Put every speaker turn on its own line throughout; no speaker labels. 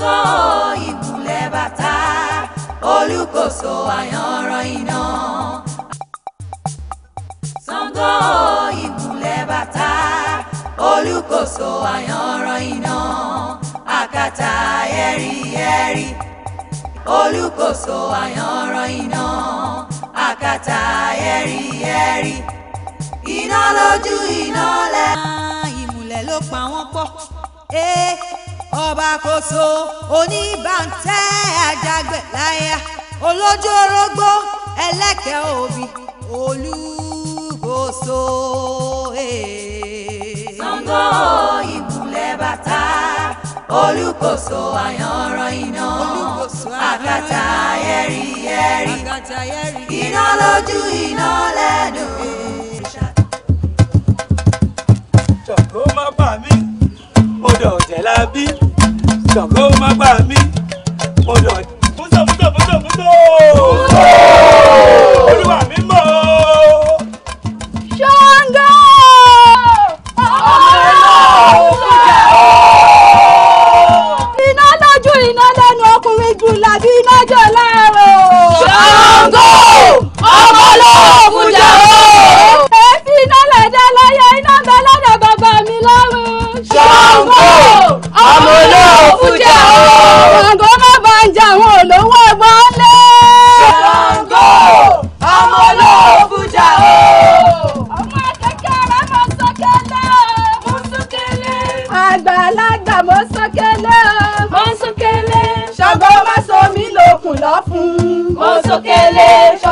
olùkóso ìmùlẹ̀ bàtà olùkóso àyànràn iná. Ṣàngó ìmùlẹ̀ bàtà olùkóso àyànràn iná. àkàtà ẹ̀rí ẹ̀rí olùkóso àyànràn iná. àkàtà ẹ̀rí ẹ̀rí iná lójú iná lẹ́. ìmùlẹ̀ ló pa wọ́n pọ̀. Eh ọba koso, oníbàntẹ́ àjàgbẹ̀ láyà olójú orógbó ẹlẹ́kẹ̀ òbí olúkòso. Ṣàngó e. ìmùlẹ̀ bàtà olúkòso àyànràn iná àkàtà ẹ̀rí ẹ̀rí iná lójú iná lẹ́nu. ló má bà mí ó dẹ̀ ọ̀tẹ̀ la bí ṣàngó má gbà mí. que live.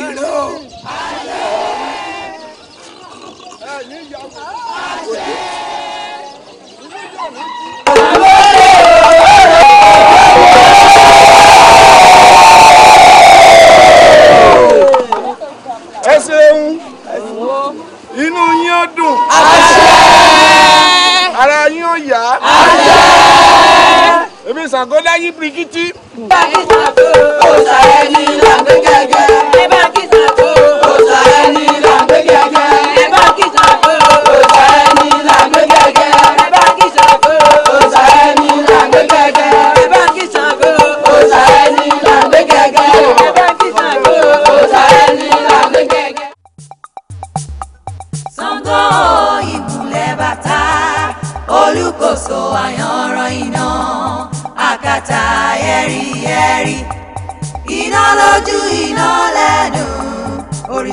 ìró. àṣẹ. ẹ̀yin ìyàwó. àṣẹ.
ìlú
yóò ní kí. èmi Ṣàngó láyé birikiti. bàbá ìṣàkóso ọ̀sà ẹni làgbẹ́gẹ́gẹ́.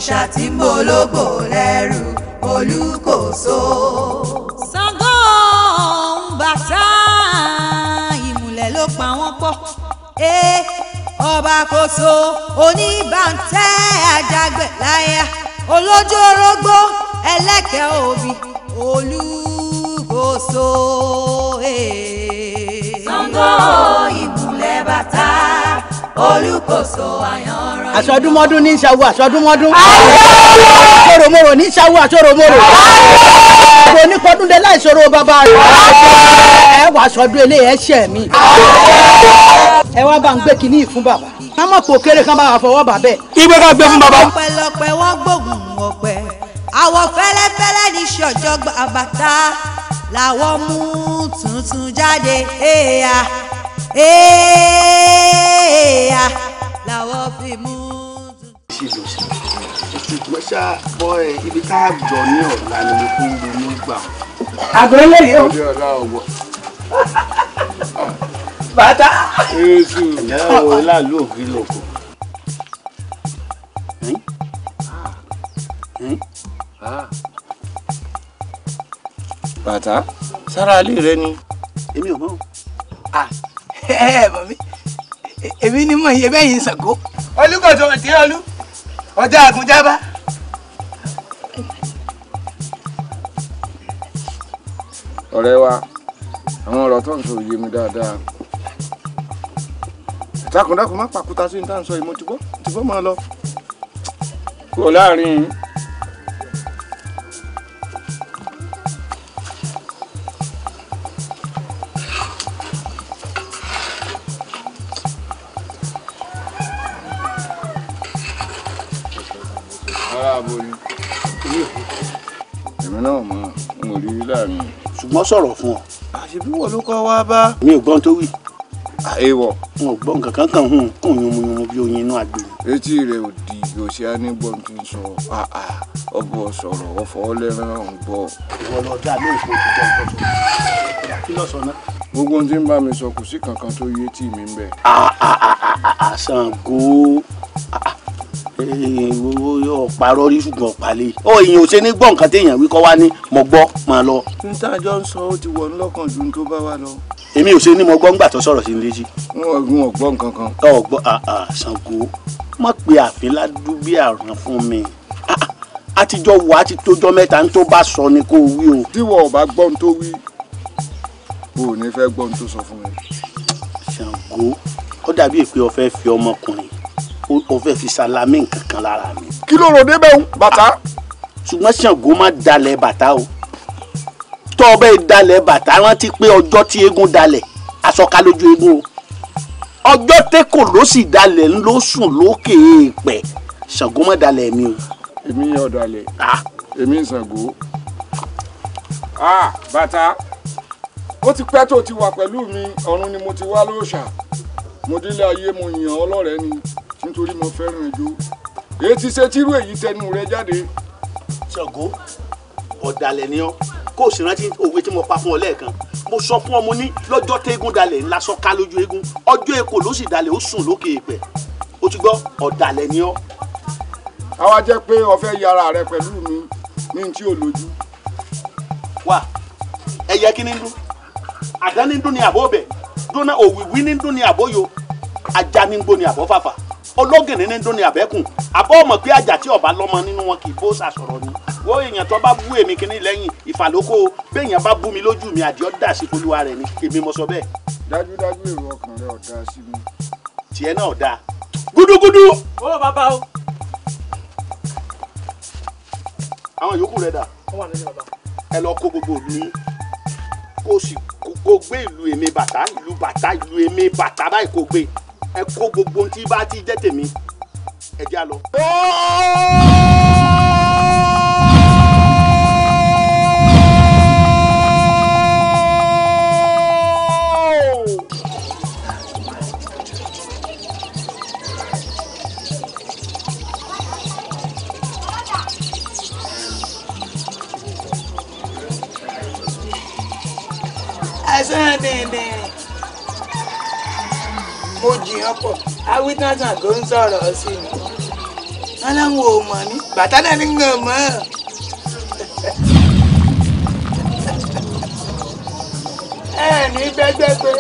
òòṣà tí mo lóbò lẹ́rù olúkòso. Ṣàngó ń bàtà ìmùlẹ̀ ló pa wọ́n pọ̀ ọba kòso oníbàntẹ́ àjàgbẹ̀ láyà olójú orógbó ẹlẹ́kẹ̀ òbí olúkòso. Ṣàngó ìmùlẹ̀ bàtà olúkòso àyàn
àṣọdúnmọ́dún ní ṣàwó àṣọdúnmọ́dún. àṣọròmọrò ní ṣàwó àṣọròmọrò. àṣọ oníkọdúndé láìṣòro bàbá rẹ̀. ẹ wà aṣọdún eléyẹ ṣẹ̀ mi. ẹ wá bá ń gbé kinní ìfún bàbá. ká mọ̀ pò kéré kan bá wà fọwọ́ bà bẹ́ẹ̀. ká gbé fún bàbá.
ọ̀pẹ̀lọpẹ̀ wọ́n gbógun ọ̀pẹ àwọ̀ fẹ́lẹ́fẹ́lẹ́ ní ṣọ̀jọ́gbà àbàtà làwọn mú tuntun jáde. yeah.
ṣùgbọ́n ṣá bọ́ ẹ ibi tá a jọ ní ọ̀la ni mo kún ló ní gbà. àgọ́ eléyìí o. ọdún ọ̀la ọ̀wọ́. bàtà. èsù ìyá wo láàlú òkè lòkò. Ah. bàtà sára ilé rẹ ni. èmi ò mọ̀ o. ẹ ẹ bàbí èmi ni mo yẹ bẹ́ẹ̀ yìí sàgó. olùkọ́ tó ti olú ọjà àgúnjábá. ọ̀rẹ́ wa àwọn ọ̀rọ̀ tó ń sọ òye mi dáadáa dákúndákùn má pàkúta sí ní tá à ń sọ yìí mo ti gbọ́ ti gbọ́ lọ kúrò láàrin yìí. mọ́ sọ̀rọ̀ fún ọ. àṣebí wọ̀ ló kọ́ wá bá. mi ò gbọ́n tó wí. àìwọ̀. n ò gbọ́n kankan kan hùn kún yunmuyunmu bí oyin inú agbe. etí rẹ ò di òsì anígbọ̀n tí ń sọ ọbọ̀ sọ̀rọ̀ ọ̀fọ̀ ọlẹ́rán ń gbọ́. ìwọ lọ dá lóòfin òkúta ọ̀tọ̀ kí lọ sọ náà. gbogbo ohun tí ń bá mi sọ kò sí kankan tó yé tì mí ń bẹ. àṣàǹgó Eh, yóò parọ́ rí ṣùgbọ́n palẹ̀ ọ èèyàn ò ṣe ní gbọ́ nǹkan téèyàn wí kọ́ wá ní mo gbọ́ máa lọ. níta jọ ń sọ ó ti wọ̀ ńlọ́kàn ju tó bá wa lọ. èmi ò ṣe ní mo gbọ́ ńgbà tó sọ̀rọ̀ sí ní létí. wọn gun ọgbọ́n kankan. ọgbọ́n ah, ah, Ṣàngó mọ̀ pé àfin ládùú àrùn fún mi àtijọ́ ah, wà á ti tójọ́ mẹ́ta ní tó bá sọ ni kó wí o. tíwọ́ ò bá gbọ́ ohun tó wí o ò ní fẹ́ gbọ́ ohun tó sọ fún mi. Ṣàngó ó dàbí o fẹ́ fi salami kankan lára mi. kí ló rò débẹ̀ ń bàtà. ṣùgbọ́n Ṣàngó má dalẹ̀ bàtà o tọ́ ọbẹ̀ dalẹ̀ bàtà rántí pé ọjọ́ tí eégún dalẹ̀ aṣọká lójú eégún o ọjọ́ tẹ́kọ̀ ló sì dalẹ̀ ń ló sùn lókè èèpẹ̀ Ṣàngó má dalẹ̀ mi o. èmi yóò dalẹ̀ èmi ń Ṣàngó. bàtà ó ti pẹ́ tó ti wà pẹ̀lú mi ọ̀run ni mo ti wá lóòṣà mo délé ayé mo yàn ọ́ lọ́rẹ̀ẹ́ ni nítorí mo fẹ́ràn ẹjọ́ èyí ti èyí tẹnu rẹ jáde. ṣàgó ọ̀dàlẹ̀ ni ọ́ kó o sì rántí òwe tí mo pa fún ọ lẹ́ẹ̀kan mo sọ fún ọ ní lọ́jọ́ tẹ́gùn dalẹ̀ ńlá sọ ká lójú eégún ọjọ́ èkó ló sì dalẹ̀ ó sùn lókè èèpẹ̀ o ti gbọ́ ọ̀dàlẹ̀ ni ọ́. àwa jẹ́ pé o yára rẹ pẹ̀lú mi ní tí ò lójú. wà ẹyẹ kí ni dún àdá dún ni àbọ̀ ọbẹ̀ dúnà òwìwí ni dún ni àbọ̀ yo ajá ni gbó ni àbọ̀ fàfà ọlọ́gẹ̀nẹ̀ ní dún ní àbẹ́kùn àbọ̀ ọmọ pé àjà tí ọba lọ́mọ nínú wọn kì í bó sàsọ̀rọ̀ ni wo èèyàn tó bá bú èmi kíní lẹ́yìn ìfàlókò béèyàn bá bú mi lójú mi àdìọ́ dà sí folúwa rẹ̀ ni èmi mo sọ bẹ́ẹ̀. dájúdájú èrò ọkàn rẹ ọ̀dà sí mi. tiẹ̀ náà dáa gúdúgúdú.
ó bàbá o. àwọn yòókù rẹ dà. ẹ lọ kó gbogbo òlu yín kó o sì kó gbé ìlú èmi
bàtà ìlú bàtà ìlú èmi bàtà báyìí kó gbé ẹ kó gbogbo ohun tí bá ti jẹ́ tèmi ẹ já lọ.
ẹsẹ̀ dìndín
mo jiyàn pọ̀ awítàsàn kò ń sọ̀rọ̀ sí mi wọn láwọn ò mọ̀ ní bàtà náà ní gbọ̀n mọ́. ẹ ní gbẹgbẹgbẹ.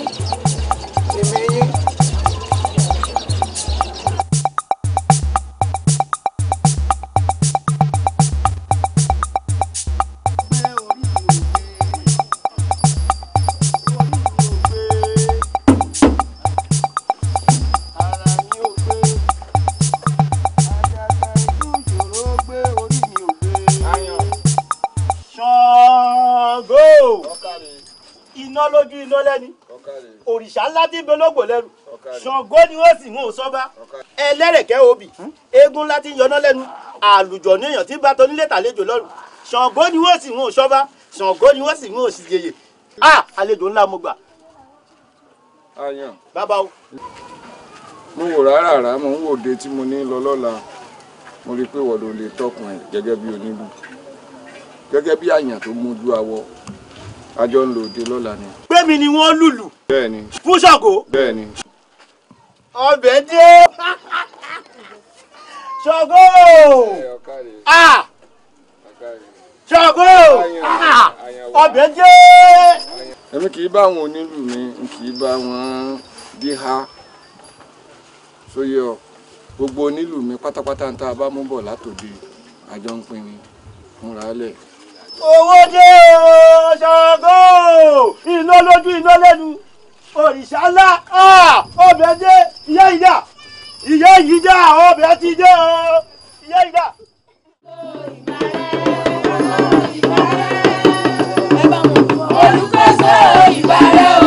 ni òrìṣà ńlá tí ń bẹ lógbò lẹ́nu ṣàngó ni ó sì ń hàn sọ́ba ẹlẹ́rẹ̀kẹ́ obì eégún ńlá tí ń yọná lẹ́nu àlùjọ ní èèyàn tí bá tó nílé tàlejò lọ́rùn ṣàngó ni ó sì ń hàn sọ́ba ṣàngó ni ó sì ń hàn síjèyè a àlejò ńlá mo gbà. bàbá o.
mo wò rárá rárá mo ń wò de tí mo ní lọ lọ́la mo rí i pé wọ́n ló lè tọkùn ẹ̀ gẹ́gẹ́ bí onílù gẹ́gẹ́ bí àyàn tó mójú awọ àjọ ń lò òde lọ́la ni.
gbẹ̀mí ni wọ́n lùlù. bẹ́ẹ̀ni. fún ṣàgó. bẹ́ẹ̀ni. ọbẹ̀ dé. ṣàgó. a. ṣàgó. ọbẹ̀ dé. èmi kì í bá àwọn onílù mi
n kì í bá wọn bí ha sóyè ọ gbogbo onílù mi pátápátá ń tá a bá mú bọ̀ látòde àjọ ń pinni fúnra lẹ̀
owó dé o iná lójú iná lẹ́nu òrìṣà ńlá ọbẹ̀ dé ìyá ìdá ìyá ìdá ọbẹ̀ ti dé o ìyá ìdá.
olùkọ́sọ ìbàrẹ̀ o.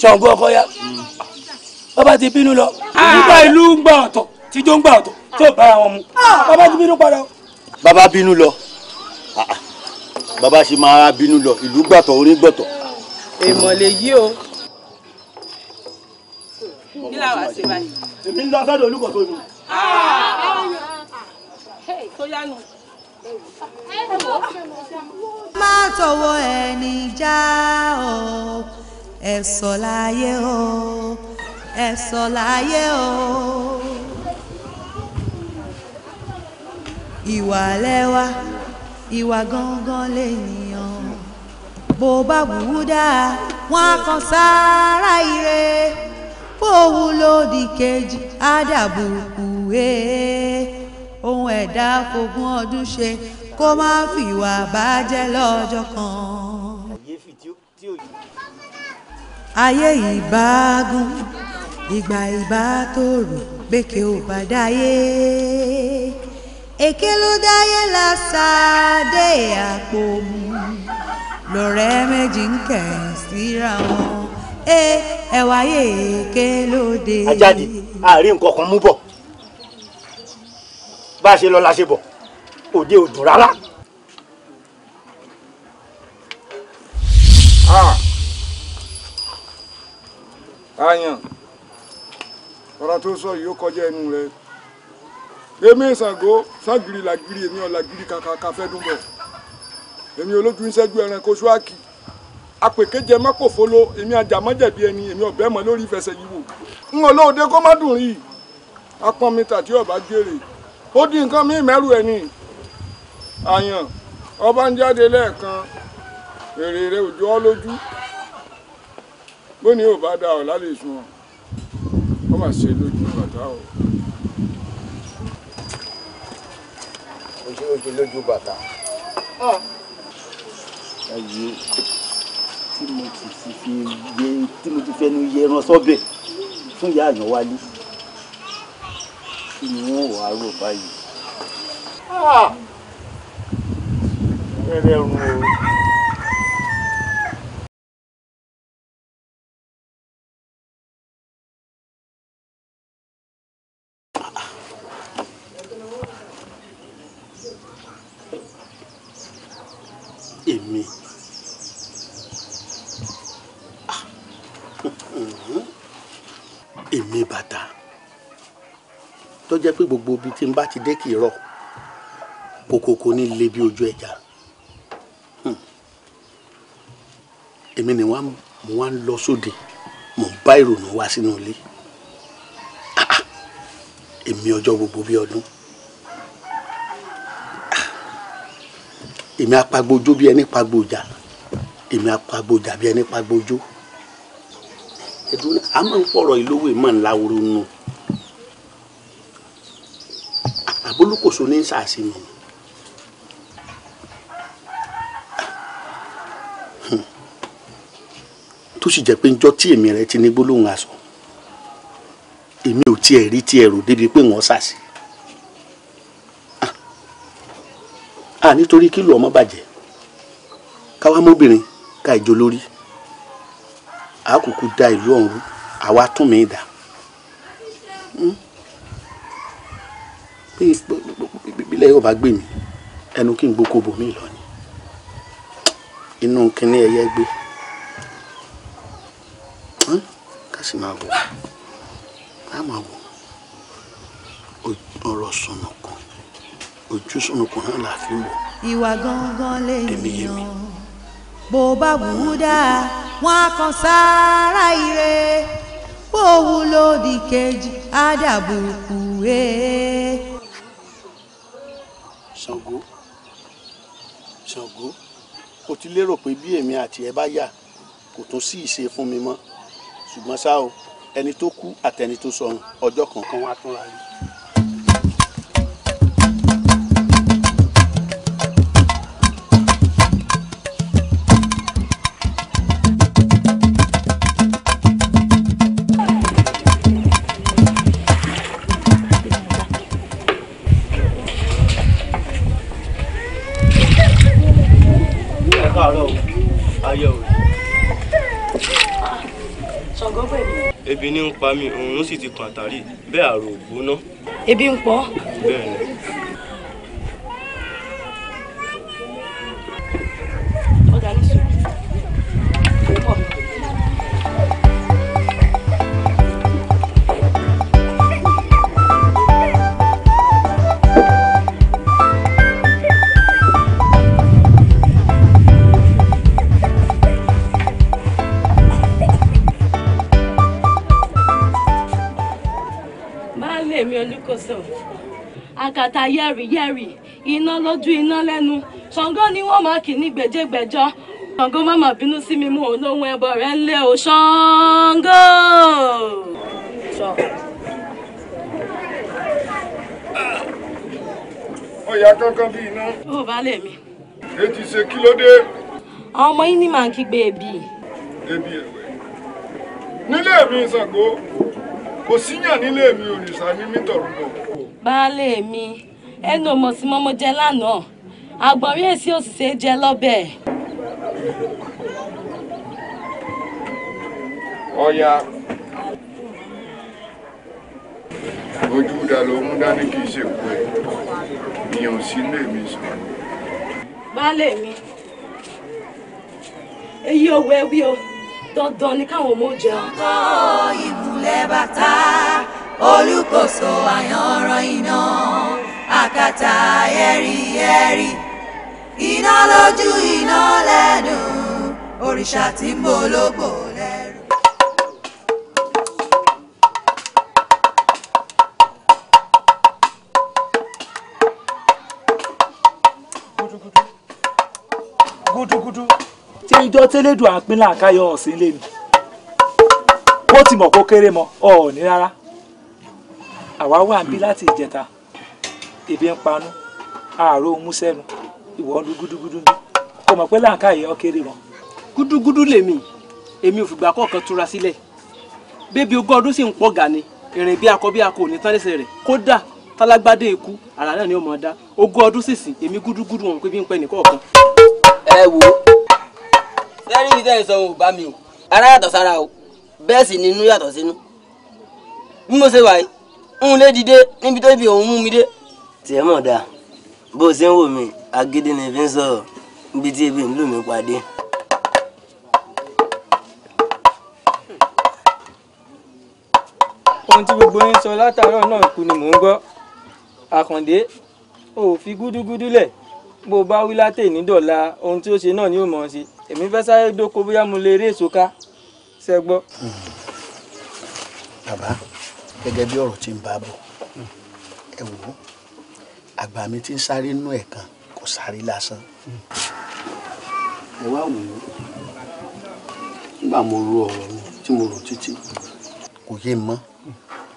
ṣàǹgó ọkọ ya bàbá ti bínú lọ nígbà ah. ìlú ń gbà ọ̀tọ̀ tíjó ń gbà ọ̀tọ̀ tí ò
bára wọn mu ah. bàbá ti bínú padà.
bàbá bínú lọ
ah, bàbá
ṣe máa bínú lọ ìlú gbàtọ̀ orí gbọ̀tọ̀. èèmọ̀ lè yí o. kí làwọn àṣẹ báyìí. èmi ń lọ sọ́dọ̀ olùkọ́ tó yùn.
tó tọwọ́ ẹni já o ẹ sọ láyé o ẹ sọ láyé o. ìwà lẹ́wà ìwà gangan lènìyàn bó bá wù dáa wọn á kan sáárá ire bó wù lòdì kejì á dàbùkù ee ohun ẹ̀dá fogún ọdún ṣe kó má fìwà bàjẹ́ lọ́jọ́ kan ayé ìbágun ìgbà ìbátòrò gbèkè ò bá dáyé èké ló dáyé lásàdé àpò mu lọ̀rẹ́ méjì ń kẹ̀ síra wọn ẹ ẹwà yé èké lóde. ajáde àárín nǹkan kan mú bọ̀
bá a ṣe lọ la ṣe bọ̀ òde ò dùn rárá. àyàn ọ̀rọ̀ tó sọ yìí ó kọjá ẹnu rẹ èmi ìsàgó ságìrì làgìrì èmi ọ̀làgìrì kàkà kàfẹ́ dùn bọ̀ èmi olójú ìṣẹ́jú ẹranko ṣúákì apèkéjẹ mọ́kòfóló èmi ajàmọ́jẹ̀bi ẹni èmi ọ̀bẹ́ mọ́ lórí ìfẹsẹ̀ yìí wò ń olóòde kó má dùn rí apọ́n mi tàbí ọ̀bá jèrè ó di nǹkan mí mẹ́rù ẹni àyàn ọba ń jáde lẹ́ẹ̀kan èrè rẹ òjò ọ́ lójú bóni ò bá da ọ̀la lè sun ọ má ṣe lójú bàtà o.
o ṣe oṣù lójú bàtà. ayé ah. tí mo ti fi
yé tí mo ti fẹnu yé ẹran sọ́bẹ̀ fún ìyá àyàn wálé
kí ni wọ́n wàá
rò
báyìí. ẹrẹ ah. rùn o.
jẹ́ pé gbogbo ibi tí n bá ti dé kì í rọ̀ kòkòkò ní le bí ojú ẹja hmm. èmi ni wọn mo wá ń lọ sóde mo ń bá ìrònú wá sínú ilé ah, ah. èmi ọjọ́ gbogbo bí ọdún ah. èmi apagbójó bí ẹni pagbójà èmi apagbójà bí ẹni pagbójó àmọ́ ń pọ̀rọ̀ ìlówó ìmọ̀ ńláworo nù. No olùkóso ní sàásì mi hmm. tó sì jẹ́ pé njọ tí èmi rẹ ti ní gbólóhùn aṣọ èmi ò tiẹ̀ rí tiẹ̀ rò débi pé wọ́n sàásì a ah. ah, nítorí kí lù ọmọ bàjẹ́ káwá mọ́bìnrin ká ìjọ lórí da ìlú ọ̀run àwa tún mí pé ìbílẹ̀ yóò bá gbé mi ẹnu kí n gboko bòmí lọ ni inú kinní ẹyẹ gbé ká sì máa wò á máa wò ọ̀rọ̀ sọ̀nùkùn ojú sọ̀nùkùn náà là fi wò.
ìwà gangan lèèyàn bó bá wù ú dáa wọn á kan sáárá ire bó wù lódì kejì á dàbùkù
ṣàngó ṣàngó o ti lérò pé bí èmi àti ẹ bá yà kò tún sí ìṣe fún mi mọ́ ṣùgbọ́n ṣá o ẹni tó kú àtẹni tó sọnù ọjọ́ kankan wá tún ra rí ebi ní ń pa mí òun ló sì ti kàn bẹ́ẹ̀ àrò ògbóná.
ebi ń pọ̀. bẹ́ẹ̀ bàtà yẹ́rìyẹ́rì iná lójú iná lẹ́nu ṣàngó ni wọ́n máa kì ní gbèjégbèjọ ṣàngó má má bínú sí mi mú olóhùn ẹbọ rẹ ń lé o ṣàngó. ọ̀yà kankan bíi iná. ó bá lè mi. etí ṣe kí ló dé. ọmọ yín ní màá kígbe èbì. èbì ẹ̀wẹ̀ nílé mi Ṣàngó kò síyàn nílé mi òrìṣà ní mítọ̀rù bò. baálé mi ẹnu ọmọ sí mọ́mọ́ jẹ lánàá àgbọ̀nrín èsì òṣìṣẹ́ jẹ lọ́bẹ̀.
ọ̀ya ojú dà ló mú dání kì í ṣèkú ẹ̀ ìyàn sí ilé mi sọ.
baálé mi
èyí ò wẹ́ wí o dandan ni káwọn ọmọ jẹun olùgbòsò àyànràn iná àkàtà ẹ̀rí ẹ̀rí iná lójú iná lẹ́nu òrìṣà tí ń bológbò lẹ́rù.
gúdúgúdú tí ìjọ tẹ́lẹ̀dùn àpínlẹ̀ àkáyọ̀ ọ̀sìn lé ni wọ́n ti
mọ̀ kó kéré mọ́
ọ̀ọ́ni rárá àwa wà bí láti ìjẹta ebi ń panu àárò ń ìwọ ń lu gúdúgúdú kò mọ̀ pé láǹkà yẹ ọ́ kéré wọn. gúdúgúdú lèmi èmi ò fìgbà kọ̀ọ̀kan túra sílẹ̀ bébí ogún ọdún sì ń pọ̀ gà ìrìn bí akọ bí akọ ò ní tán lẹ́sẹ̀ rẹ̀ kódà tálágbádé ikú àrà náà ni ó mọ̀ dá ogún ọdún sísìn èmi gúdúgúdú wọn pé bí ń pẹ́ nìkọ̀ọ̀kan. ẹ wo sẹ́rí ní tẹ́lẹ̀ sọ ò bá mi o ara yàtọ̀ sára o bẹ́ẹ̀ sì ni inú yàtọ̀ sínú bí mo ṣe wà yìí ń lé dìde níbi tó ibi òun mú mi dé. tiẹ̀ mọ̀ dáa bó o ṣe ń wò mí agídí ni fi ń sọ̀rọ̀ níbi tí ebi ń lù mí pàdé. ohun tí gbogbo yín sọ látàárọ̀ náà kú ni mò ń gbọ́ àkàndé ò fi gúdúgúdú lẹ̀ bó o bá wí látè ní dọ̀la ohun tí ó ṣe náà ni ó mọ̀ ọ́n ṣe èmi fẹ́ sáré dóko bóyá mo lè rí èso ká ṣẹ́gbọ́. Hmm. bàbá. Mm gẹ́gẹ́ bí ọ̀rọ̀ tí ń bá bọ̀ ẹ wò ó àgbà mi ti ń sáré nú ẹ̀ kan kò sáré lásán ẹ wá wò ó nígbà mo ro ọ̀rọ̀ mi tí mo rò títí kò yé mọ́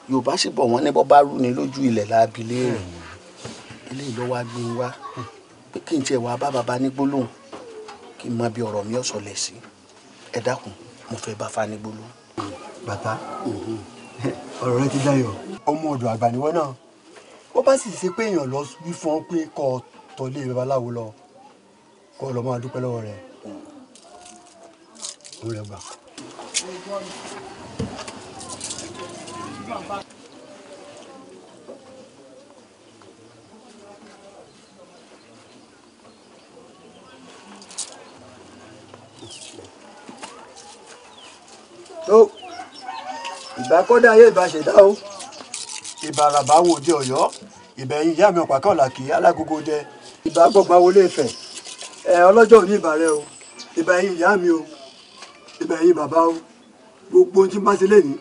yorùbá sì bọ̀ wọ́n ní bọ́ bá rú ni lójú ilẹ̀ láabi eléyìí lọ́wọ́ á wá pé kí n tiẹ̀ wá bá baba ní gbólóhùn kí
n mọ bí ọ̀rọ̀ mi ọ̀sọ̀lẹ̀ sí ẹ dákun mo fẹ́ bá fa ní gbólóhùn. bàbá mhm ọ̀rọ̀ rẹ ti dayọ̀. ọmọ ọ̀dọ̀ àgbà ni wọ́n náà wọ́n bá sì ṣe pé èèyàn lọ wí fún ọ pé kọ́ ọ tọ́lé babaláwo lọ kọ́ ọ lọ máa dúpẹ́ lọ́wọ́ rẹ̀ òun rẹ̀ gbà. ìbá kọ́dá ayé ìbá ṣẹ̀dá o ìbàràbà wo òde ọ̀yọ́ ìbẹ̀yìn ìyá mi ọ̀pá kan làkì alágogo jẹ ìbá gbọ̀gbà wọlé ìfẹ́ ẹ ọlọ́jọ́ òní ìbàrẹ̀ o ìbẹ̀yìn ìyá mi o ìbẹ̀yìn bàbá o gbogbo ohun tí n bá ṣe lẹ́yìn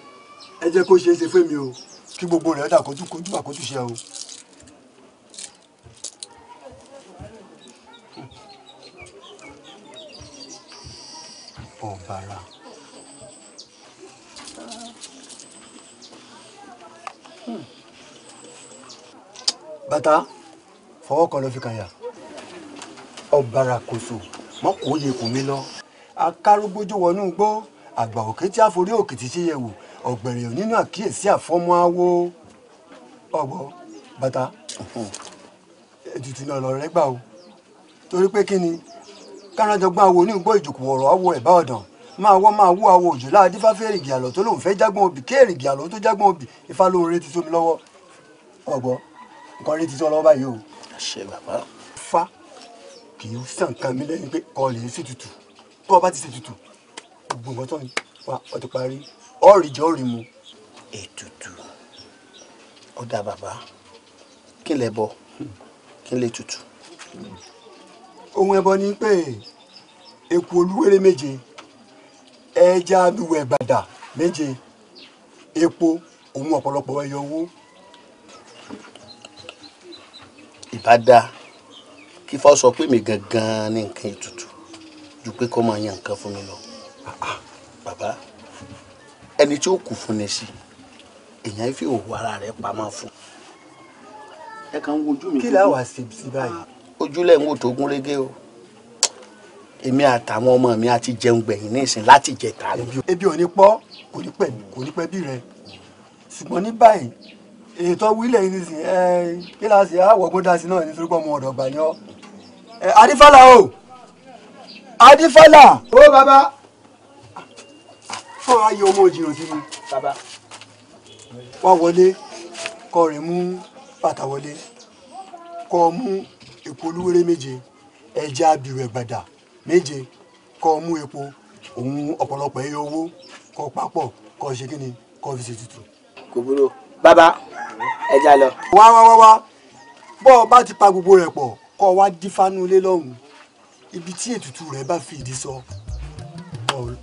ẹ jẹ́ kó ṣeé ṣe fún mi o kí gbogbo rẹ̀ dà kótó kótó àkótó ṣe o. ọ̀bàrà. bàtà fọwọ́ kan ló fi kàn yà ọ̀bàrà kòsò mọ́kòó yẹ kò mí lọ akárúgbójú wọnú gbó àgbà òkè tí àforí òkè ti ṣe yẹ̀wò ọ̀gbẹ̀rẹ̀ nínú àkíyèsí àfọ́mọ́ awo ọ̀gbọ́ bàtà ètùtù náà lọ rẹ gbà o torí pé kí ni kánájọgbọ́n awo ní gbọ́ ìjòkó ọ̀rọ̀ awo ẹ̀bá ọ̀dàn máa wọ́ máa wú awo òjò láàdí fáfẹ́ èrìgì àlọ́ tó lóun fẹ́ jágbọ́n obì kéèrìgì àlọ́ tó jágbọ́n obì ifá lóore ti sómi lọ́wọ́ ọ̀gbọ́n nǹkan rí ti tọ́ lọ́wọ́ báyìí o. ṣe bàbá. fa kì í sàn kan mi lẹ́yìn pé kọ́ lè ṣe tutù tó o bá ti ṣe tutù gbogbo nǹkan tán wa ọ ti parí ọ̀rì jẹ́ ọ̀rì
mu. ètùtù ó dá bàbá kí lè bọ
kí lè tutù. ohun ẹbọ ni pé eku olúwere méje ẹja abiwẹ̀ bàdà méje epo òun ọ̀pọ̀lọpọ̀ ẹyọ owó
ìbá dáa kí fọ́ sọ pé mi gangan ní nǹkan ètùtù ju pé kọ́ máa yan nǹkan fún mi lọ ah, bàbá ẹni tí ó kù fún ni sí èèyàn fi òwò ara rẹ̀ pamọ́ fún ẹ kàn ń
wojú mi. kí la wá sí sí báyìí. ojúlẹ̀ ń wò tó gún régé o
èmi àtàwọn ọmọ mi àti jẹun gbẹ̀yìn ní ìsìn láti jẹta.
ebi ò ní pọ́ kò ní pẹ̀lú kò ní pẹ́ bí rẹ ṣùgbọ́n ní báyìí ètò wílẹ̀ yìí nìsín ẹ kíláàsì àwọ̀gbọ́n dasí náà nítorí pé ọmọ ọ̀dọ̀ gbà ni ọ́ adífálà o adífálà. ó bàbá fún ayé ọmọ òjìyàn sí mi. bàbá wá wọlé kọ rẹ̀ mú bàtà wọlé kọ mú èpo olúwere méje ẹja abirù ẹgbàdà méje kọ mú epo òun ọ̀pọ̀lọpọ̀ ẹyọ owó kọ papọ̀ kọ ṣe kí ni kọ fi ṣe tutù.
kò búrò bàbá ẹja lọ. wá wá
wá wá bọ́ ọ bá ti pa gbogbo rẹ̀ pọ̀ kọ́ ọ wá dífánú ilé lọ́hùn-ún ibi tí ètùtù rẹ̀ bá fi ìdí sọ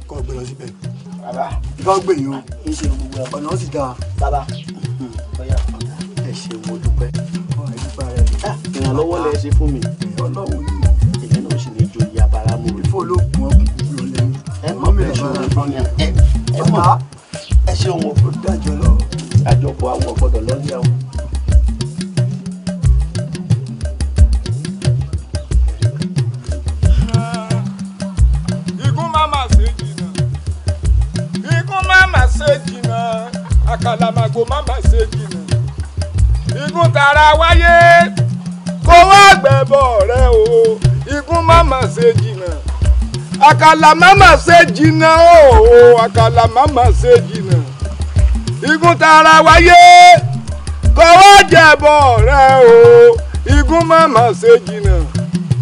kọ́ ọ gbé lọ síbẹ̀. bàbá kọ́ ọ gbé yìí o ń ṣe gbogbo ẹ̀ ọ̀nà ó sì dáa. bàbá bóyá ẹ ṣe mo dúpẹ́
ah, ìrànlọ́wọ́ lẹ ṣe fún mi ọlọ́run ìyẹn náà sì ní ju ìyá bara mu. ìfọ̀ ló
kún ọkùnrin lọ
lẹ́nu. ẹ mọ̀ bẹ́ẹ̀ ṣe òun gbọ́n ni ẹ mọ̀ ẹ ṣe òun. ó dájọ́ lọ àjọpọ̀ àwọn gbọ́dọ̀ lọ́ní àwọn. igun má má ṣe jìnnà igun má má ṣe jìnnà àkàlàmàgbò má má ṣe jìnnà igun tààrà wáyé kó wá gbẹ̀bọ̀ rẹ o igun má má ṣe jìnnà àkàlà ṣe jìnnà o àkàlà ṣe jìnnà igun tara wáyé kọ́wọ́ jẹ̀bọ̀ rẹ o igun mọ̀mọ́ ṣe jìnnà.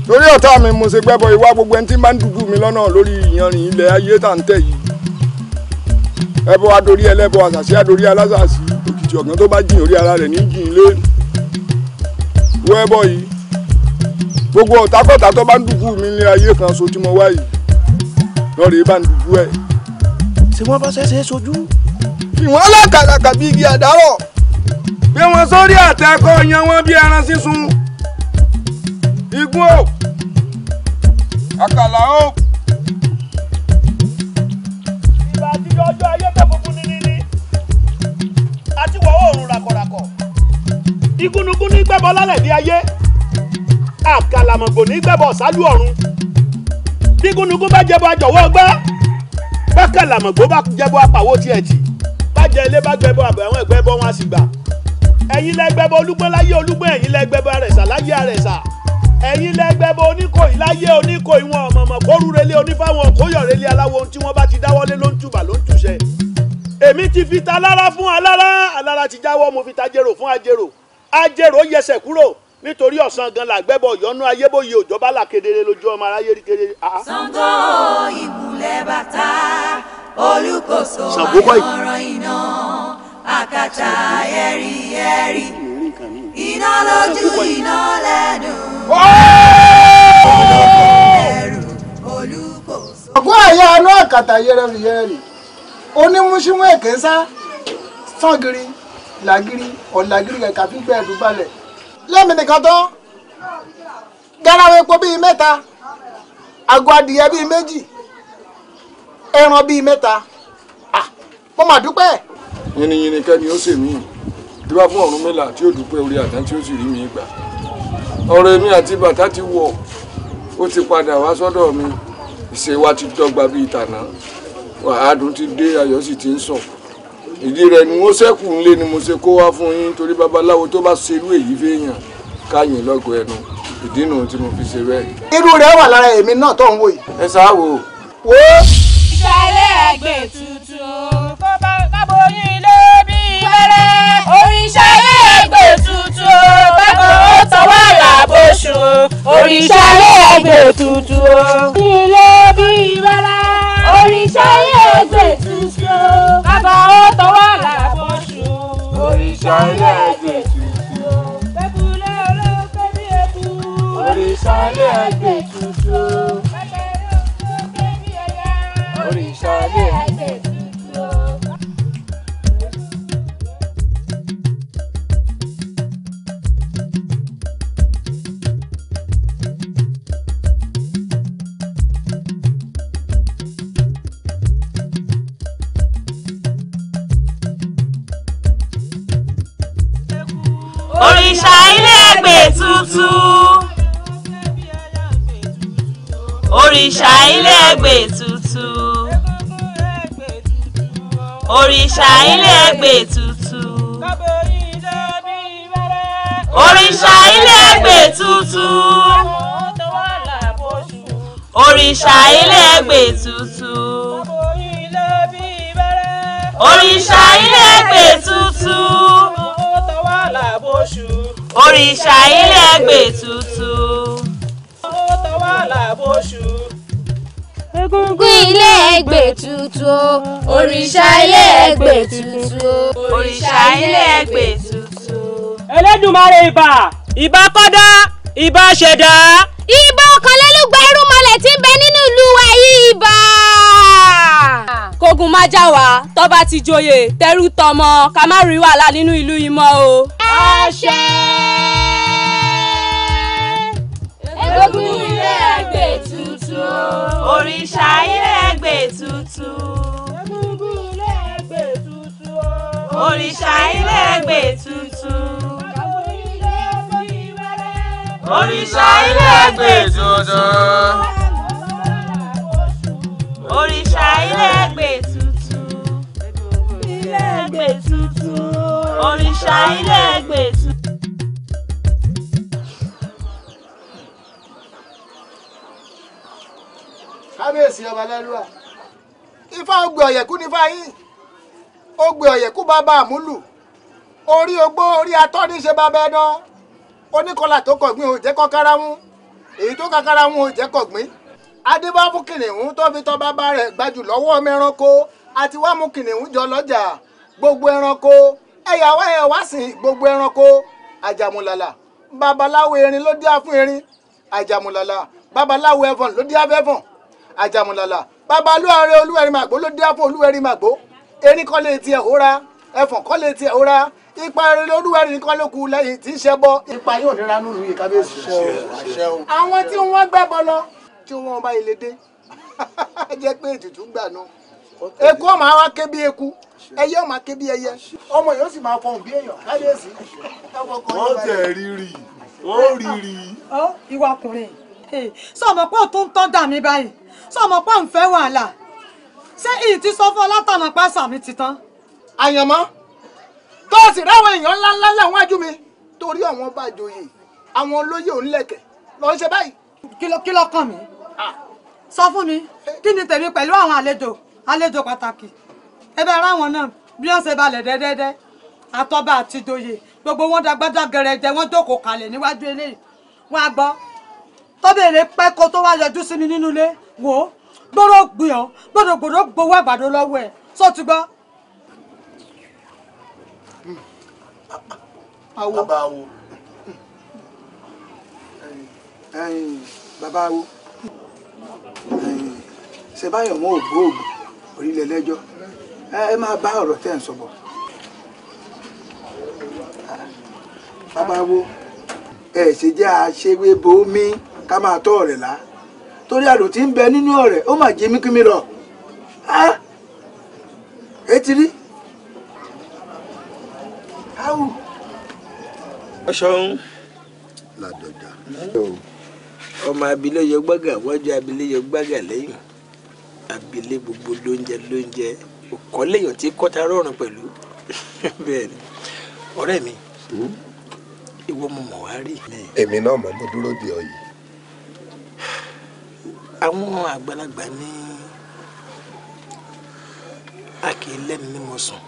torí ọ̀tá mi mo ṣe gbẹ́bọ̀ ìwà gbogbo ẹni tí bá ń dúdú
mi lọ́nà lórí ìyanrìn ilẹ̀ ayé tá à ń tẹ̀ yìí. ẹbọ adorí ẹlẹ́bọ àṣàṣì adorí alásàṣì òkìtì ọ̀gán tó bá jìn orí ara rẹ̀ ní jìn lé wọ ẹbọ yìí gbogbo ọ̀tàkọ̀tà tó bá ń dùbú mi ní ayé kan so mo wá
yìí bá ń dùbú ẹ̀. ṣé wọ́n bá ṣẹ̀ṣẹ̀ sojú fi wọ́n lákàlàkà bí igi àdárọ̀ gbé wọn sórí àtẹ́kọ́ yan wọn bí ẹran sísun igun àkàlà o. ìgbà àtijọ́ ọjọ́ ayé bẹ́ẹ̀ funfun ní níní àti wọ̀ oòrùn ràkọ̀ràkọ̀ igúnnugún ní gbẹ́bọ lálẹ́ bí ayé àkàlàmọ̀gbò ní gbẹ́bọ ṣáájú ọ̀run bí igúnnugún bá jẹbọ àjọwọ́ gbá bákàlàmọ̀gbò bá jẹbọ àpàwọ́ tiẹ̀ tì jẹ́ ilé bá gbẹ́bọ àbẹ̀ àwọn ìgbẹ́bọ wọn sì gbà ẹ̀yin lẹ́gbẹ́bọ olúgbọ́n láyé olúgbọ́n ẹ̀yin lẹ́gbẹ́bọ àrẹ̀sà láyé àrẹ̀sà ẹ̀yin lẹ́gbẹ́bọ oníkòyí láyé oníkòyí wọn ọ̀mọ̀mọ̀ kórúrelé onífáwọn kóyọ̀relé aláwo ohun tí wọ́n bá ti dáwọ́lé ló ń tùbà ló ń tùṣẹ. èmi ti fi ta alára fún alára alára ti jáwọ́ mo fi ta jèrò fún ajèrò ajèrò yẹsẹ̀ kúrò nítorí ọ̀sán gan la yọnú ayébòye òjọba là lójú ọmọ aráyé rí kedere. Ṣàngó ah, ah.
ìkúnlẹ̀ bàtà olùkóso àyọ̀rọ̀ iná àkàtà ẹ̀rí ẹ̀rí iná lójú iná lẹ́nu oh! ẹ̀rù olùkóso.
ọ̀gbọ́n àyà anú àkàtà yẹrẹrì yẹrẹrì onímúṣímú èké sá sọ́gìrì làgìrì ọ̀làgìrì kẹ̀kà fígbẹ́ ẹ̀dùgbalẹ̀ lẹ́mi nìkan tán garawe epo bíi mẹ́ta àgọ́ adìyẹ bíi méjì ẹran bíi mẹ́ta ah, mo mà dúpẹ́.
yìnyínyìnyín kẹ́ni ó ṣèmí dúrà fún ọ̀run mẹ́la tí ó dúpẹ́ orí àtàn tí ó sì rí mi gbà
ọ̀rọ̀ èmi àti bàtà ti wọ̀ ó ti padà wá sọ́dọ̀ mi ìṣe wa ti dọ́gba bíi tànà àádùn ti dé ayọ̀ sì ti ń sọ ìdí rẹ̀ ni wọ́n ṣẹ́kù ńlé ni mo ṣe kó wá fún yín torí babaláwo tó bá ṣerú èyí fẹ́yàn káyìn lọ́gọ̀ ẹnu ìdí nù tí mo fi ṣe bẹ́ẹ̀. irú rẹ̀ wà lára èmi náà tó ń wò yìí. ẹ ṣáà wò. wo
ṣalẹ̀ àgbẹ̀ tuntun. bábo
yín ló bí wẹ́rẹ́. orin ṣalẹ̀ àgbẹ̀ tuntun. bábo
ó tọwọ́ àlàbò ṣùn. orin ṣalẹ̀ àgbẹ̀
tuntun.
ètùtù òrìṣà ilé ẹgbẹ́ ètùtù.
Ẹlẹ́dùmarè ìbà ìbà kọ́dá ìbà ṣẹ̀dá. ìbà ọ̀kànlélúgba irúnmọlẹ̀ tí ń bẹ nínú ìlú wa yìí ìbà. kógun má já wa tó bá ti joyè tẹrú tọmọ ká má rí wàhálà nínú ìlú yìí mọ́ o. àṣẹ. egungun ilé ẹgbẹ́ tuntun òrìṣà ilé ẹgbẹ́
tuntun. òrìṣà ilé ègbè tuntun. òrìṣà ilé ègbè tuntun. òrìṣà ilé ègbè tuntun. ilé ègbè tuntun. òrìṣà ilé ègbè tuntun.
kábíyèsí ọba lẹ́lúwà ifá ògbè ọ̀yẹ̀kú ní fáyín ó gbé ọ̀yẹ̀kú bàbá àmúlù orí ogbó orí atọ́ ní ṣe bàbá ẹ̀dán oníkọlà tó kọ̀gbìn ò jẹ́ kọ́ kárámú èyí tó ká kárámú ò jẹ́ kọ̀gbìn adébá fún kìnìún tó fi tọ́ bàbá rẹ̀ gbajù lọ́wọ́ ọmọ ẹranko àti wá mú kìnìún jọ lọ́jà gbogbo ẹranko ẹ̀yà wá ẹ̀yà wá sìn gbogbo ẹranko àjàmùlàlà babaláwo erin ló díá fún erin àjàmùlàlà babaláwo ẹfọ̀n ló díá fẹ́fọ̀n àjàmùlàlà babaláwo olúwẹ̀rìmàgbó ló díá fún olúwẹ̀rìmàgbó erin kọ́ lè tiẹ̀ hóra ẹfọ̀n kọ́ lè tiẹ̀ hóra ipa erin lórúwẹ̀ erin kọ́ ló kù lẹ́yìn tí ń ṣe bọ́. ipa yóò nira
nínú yìí kábíyèsí.
àwọn tí wọ́n gbẹ́bọ lọ tí wọ́n bá ilé dé jẹ́ pé ètùtù gbà náà eku ọmọ àwa ké bí eku ẹyẹ ọmọ ké
bí ẹyẹ ọmọ yóò sì máa fọhùn bí èèyàn kábíyèsí. wọ́n tẹ̀ rírì wọ́n rírì. ìwà ọkùnrin sọ ọmọ pọ́ọ̀ tó ń tọ́ dà mí báyìí sọ ọmọ pọ́ọ̀ ń fẹ́ wàhálà ṣé ìyí ti sọ fún ọ látànà pásà mi ti tán. àyànmọ́ tó o sì ráwọn èèyàn ńláńlá lẹ́wọ́n ájú mi
torí àwọn bá joyè
àwọn olóyè òǹlẹ̀kẹ̀ lọ ń ṣe báyìí. kíló kíló kàn mí ah. sọ fún mi kí ni tèmi pẹ̀lú àwọn àlejò àlejò pàtàkì ẹbẹ ráwọn náà bí wọ́n ṣe balẹ̀ dẹ́dẹ́dẹ́ àtọ́ba àti joyè gbogbo wọn dàgbàdà gẹrẹjẹ wọn jókòó kalẹ̀ níwájú eléyìí wọn á gbọ́ tọ́bẹ̀rẹ̀ pẹ́ kó tó wá yọjú sí mi nínú ilé wò ó gbọ́dọ̀ gbìn ọ́ gbọ́dọ̀ gbọ́dọ̀ gbowó àgbàdo lọ́wọ́ ẹ̀ sọ ti gbọ́.
bàbá wo bàbá wo
ṣèbáyọ̀ mọ́ ògbóògùn orílẹ̀ lẹ́jọ́ ẹ máa bá ọ̀rọ̀ tẹ́ ń sọ bọ̀. bàbá wo ẹ ṣe jẹ́ àṣewébó mi ká máa tọ́ ọ̀rẹ́ lá. torí àrò tí ń bẹ nínú ọ̀rẹ́ ó mà jí míkímí lọ etí rí ládọjà. ọmọ abilé yọ wájú abilé yọ lẹ́yìn gbogbo lóúnjẹ lóúnjẹ òkọ́ tí kọ́ta rọrùn ni mi hmm? mo mọ̀ wá di ọ àwọn àgbàlagbà ní a kì í lẹ́nu ní mo sùn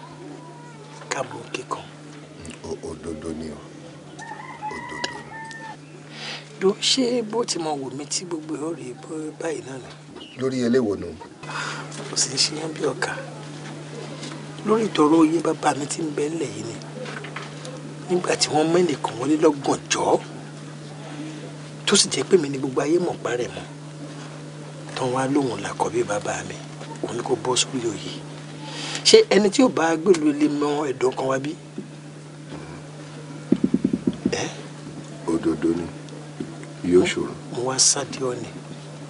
káàbọ̀ kíkan.
òdodo ni o òdodo
ni. do ṣé bó ti mọ wò mí tí gbogbo ẹ rèé báyìí náà nù.
lórí eléwo nù. kò sì
ń ṣe yán bí ọkà lórí ìtọ́rọ oyè
bàbá mi ti ń bẹ ńlẹ̀ yìí ni nígbà tí wọ́n mẹ́nìkan wọlé lọ́gànjọ́ tó sì jẹ́ pé mi ni gbogbo ayé mọ̀ parẹ́ mọ́ tán wá lóhùn làkọ́bí bàbá mi òun ni kò bọ́ sórí òye ṣé ẹni tí ò bá gbèlú ilé
mọ ẹ̀dọ́ kan wá bí. òdodo ni yóò ṣòro. mo wá sáde ọ̀nì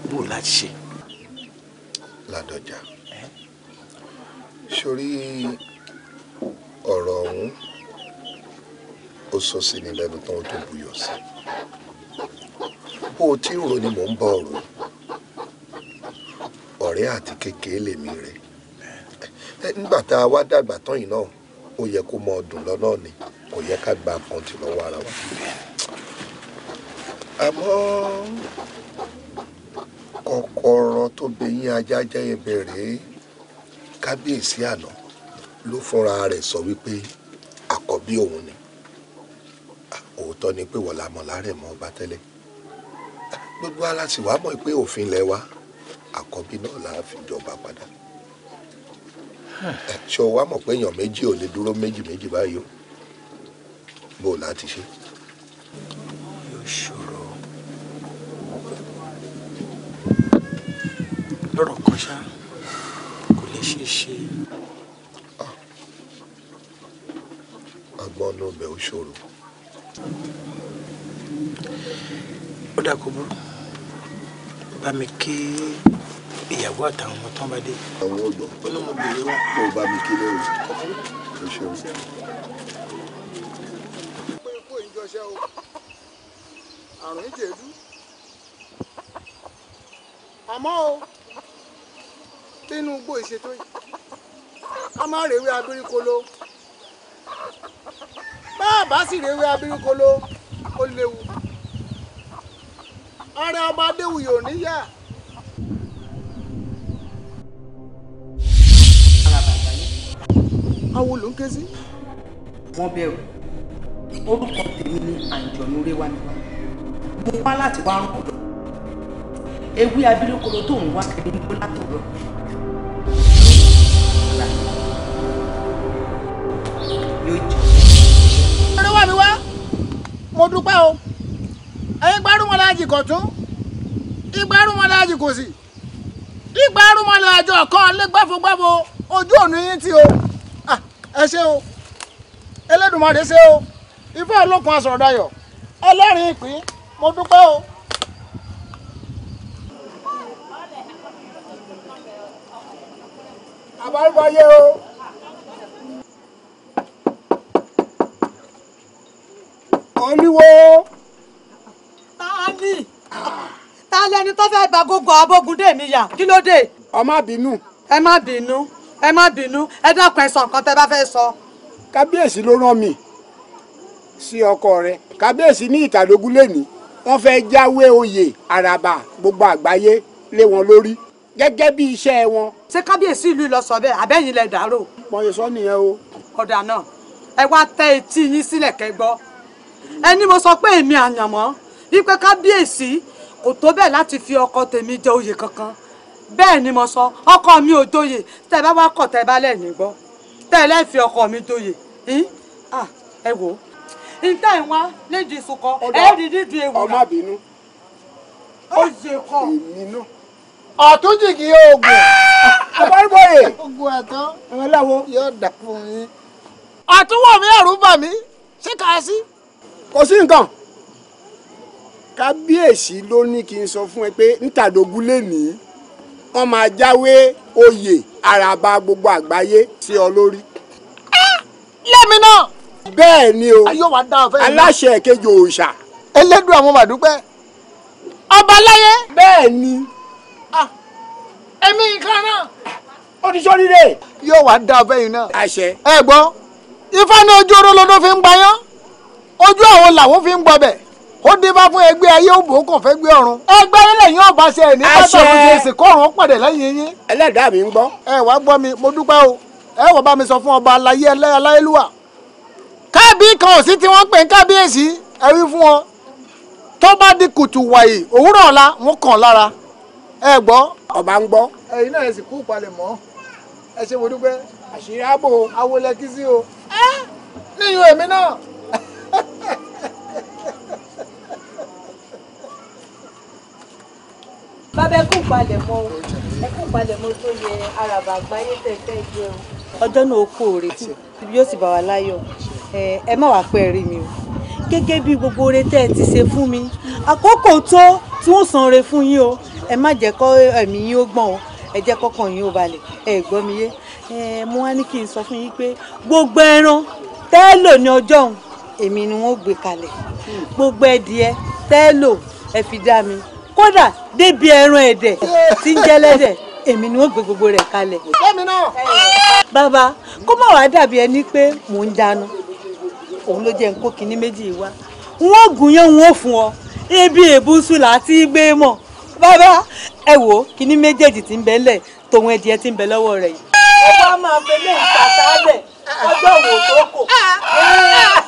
bó láti ṣe. ládọjà sórí ọ̀rọ̀ ọ̀hún ó sọ sí ni lẹ́nu tán ó tún buyọ̀ sí bó o ti rò ni mò ń bọ̀ ọ̀rọ̀ yìí ọ̀rẹ́ àti kékeré lèmi rẹ̀ nígbà tá a wá dàgbà tán yìí náà ó yẹ kó mọ ọdún lọ́nà ni kò yẹ ká gba nǹkan tì lọ́wọ́ ara wa. àmọ́ kọ́kọ́rọ́ tó bẹyìn ajá jẹ́ ìbẹ̀rẹ̀ kábíyèsí àná ló fúnra rẹ̀ sọ wípé àkọ́bí òun ni òótọ́ ni pé wọ́n la mọ̀ lárẹ̀ mọ́ ọba tẹ́lẹ̀ gbogbo aláṣìwámọ̀ pé òfin lẹ wa àkọ́bí náà la fi jọba padà ṣé o wá mọ̀ pé èèyàn méjì ò lè dúró méjì méjì báyìí o bó o láti ṣe. yóò ṣòro lọ́rọ̀ kan ṣá kò lè ṣe é ṣe. Ah. agbọ́n náà bẹ̀ ó ṣòro. ó dà kó burú bá mi kí
ìyàwó àtàwọn ọmọ tán bá dé. àwọn ọgbọ̀n ó ní mo bèrè wá. kó
o bá mi kí lóru
o
ṣeun.
pé kó ìjọṣẹ́ o àrùn ìjẹ̀dú àmọ́ o nínú igbó ìṣètò yìí a máa rèwé abirikolo bá a bá sì rèwé abirikolo ó léwu ara ọmọ adéwuyì ò níyà.
awo ló ń ké sí. wọ́n bẹ̀rù orúkọ tèmi ni àǹjọ̀nú rẹwàmíwá mo wá láti wá ràn ọ́ ewé abilékoro tó ń wá kiri ń kó látọ̀rọ̀.
rẹwàmíwá mo dúpẹ́ o. Ìgbárùmọ̀lá Àjìkọ̀tún Ìgbárùmọ̀lá Àjìkòsì Ìgbárùmọ̀lá àjọ kan lẹ́gbàfogbàfo ojú ònú yín tí o ẹ ṣe o Elédùmarè ṣe o Ifá olókun asọ̀rọ̀dayọ̀ ẹlẹ́rìí
ìpín mo dúpẹ́ o. àbárúbọ ayé o. olúwo. lẹni tó fẹ́ bá gbogbo abógundé mi yà kí ló dé. ọ má bínú. ẹ má bínú ẹ má bínú ẹ dákun ẹ sọ nǹkan tẹ bá fẹ́ sọ. kábíyèsí ló rán mi sí ọkọ rẹ kábíyèsí ní ìtàlógún
lẹ́nìí wọ́n fẹ́ jáwé oyè àràbà gbogbo àgbáyé lé wọn lórí
gẹ́gẹ́ bí iṣẹ́ wọn. ṣé kábíyèsí ìlú lọ sọ bẹ́ẹ̀ àbẹ́yìn lẹ dàrò. mo ṣe sọ nìyẹn o. ọ̀dà náà ẹ wá tẹ etí yín sílẹ̀ kẹ́ gbọ́ ẹni mo sọ pé èmi àyànmọ́ wípé kábíyèsí kò tó bẹ́ẹ̀ láti fi ọkọ tèmi jẹ oyè kankan bẹ́ẹ̀ ni mo sọ ọkọ mi ò joyè tẹ́ ẹ bá wá kọ̀ tẹ́ ẹ bá lẹ́yìn gbọ́ tẹ́ ẹ lẹ́ẹ̀ fi ọkọ mi joyè ẹ wò ó ìtẹ́ ìwá léjì ìsúkọ ẹ rí dídùn ewu rà ọmọ àbínú ó yẹ kọ èmi náà ọ̀túnjìgì
oògùn àbárúbọ̀yè oògùn ẹ̀tọ́ àwọn aláwo yóò dà fún yín. àtúwọ̀ mi ẹ̀rù bà mí ṣé kàá sí. kò sí nǹkan kábíyèsí ló ní kí n sọ fún ẹ pé nítàdógún lẹ́ni wọ́n máa jáwé oyè àràbà gbogbo àgbáyé sí ọ lórí. lẹ́mi náà. bẹ́ẹ̀ ni o aláṣẹ kejì òòṣà. elédùn àwọn màdúpẹ́. ọba láyé. bẹ́ẹ̀ ni. èmi nǹkan náà. ó ti sọ́ríre. yóò wá dá ọbẹ̀ yìí náà. àṣẹ. ẹ gbọ́ ifá ní ojú oró lodò fi ń gbayán ojú àwọn làwọn fi ń gbọbẹ̀ ó dé bá fún ẹgbẹ́ ayé ó bò ó kàn fẹ́ gbé ọ̀run. ẹgbẹ́ yín lẹ́yìn ọba ṣe ẹ̀ ní pátá fún ṣe èsì kọ́run ó pàdé lẹ́yìn yín. ẹlẹ́dàá mi ń gbọ́. ẹ wá gbọ́ mi mo dúpẹ́ o ẹ wọ́n bá mi sọ fún ọba alayé aláyélúwà. kábí kan ò sí tí wọ́n pè ń kábíyèsí ẹ wí fún wọn tó bá di kùtù wàyí òwúrọ̀ ọ̀la wọn kàn lára ẹ gbọ́. ọba ń gbọ́. ẹ̀yin náà ẹ sì kú palẹ̀ mọ́ ẹ ṣe mo dúpẹ́. àṣírí o.
ẹ níyùn èmi náà bàbá ẹkún palẹ̀mọ́ o ẹkún palẹ̀mọ́ tó yẹ àràbà àgbáyé tẹ̀tẹ̀ jẹ o. ọjọ́ náà kú òre tí ibi yóò sì bá wa láyọ̀ ẹ má wàá pẹ́ rí mi o gẹ́gẹ́ bí gbogbo oore tẹ́ ẹ ti ṣe fún mi àkókò tó tí wọ́n san oore fún yín o ẹ má jẹ́ kọ́ ẹ̀mí yín ó gbọ́n o ẹ jẹ́ kọ́kàn yín ó balẹ̀ ẹ gbọ́ mi yé mo wá ní kí n sọ fún yín pé gbogbo ẹran tẹ́lò ní ọjọ́ òun èmi ni wọ́n gbé kalẹ̀ gbogbo ẹdìẹ tẹ́lò ẹ fi dá mi kódà débi ẹran ẹ̀dẹ̀ tí ń jẹ́lẹ́dẹ̀ èmi ni wọ́n gbé gbogbo rẹ̀ kalẹ̀. èmi náà. bàbá kó má wàá dàbí ẹni pé mò ń dáná òun ló jẹ́ nǹkó kinní méjì wá wọ́n gùn yán wọ́n fún ọ ebi èbúsù láti gbé mọ̀ bàbá ẹ wò kinní méjèèjì tí ń bẹ lẹ̀ tòun ẹ̀dìẹ tí ń bẹ lọ́wọ́ rẹ̀ yìí.
ó máa fẹ́ lé ọjọ́ wo tó kò. Ah!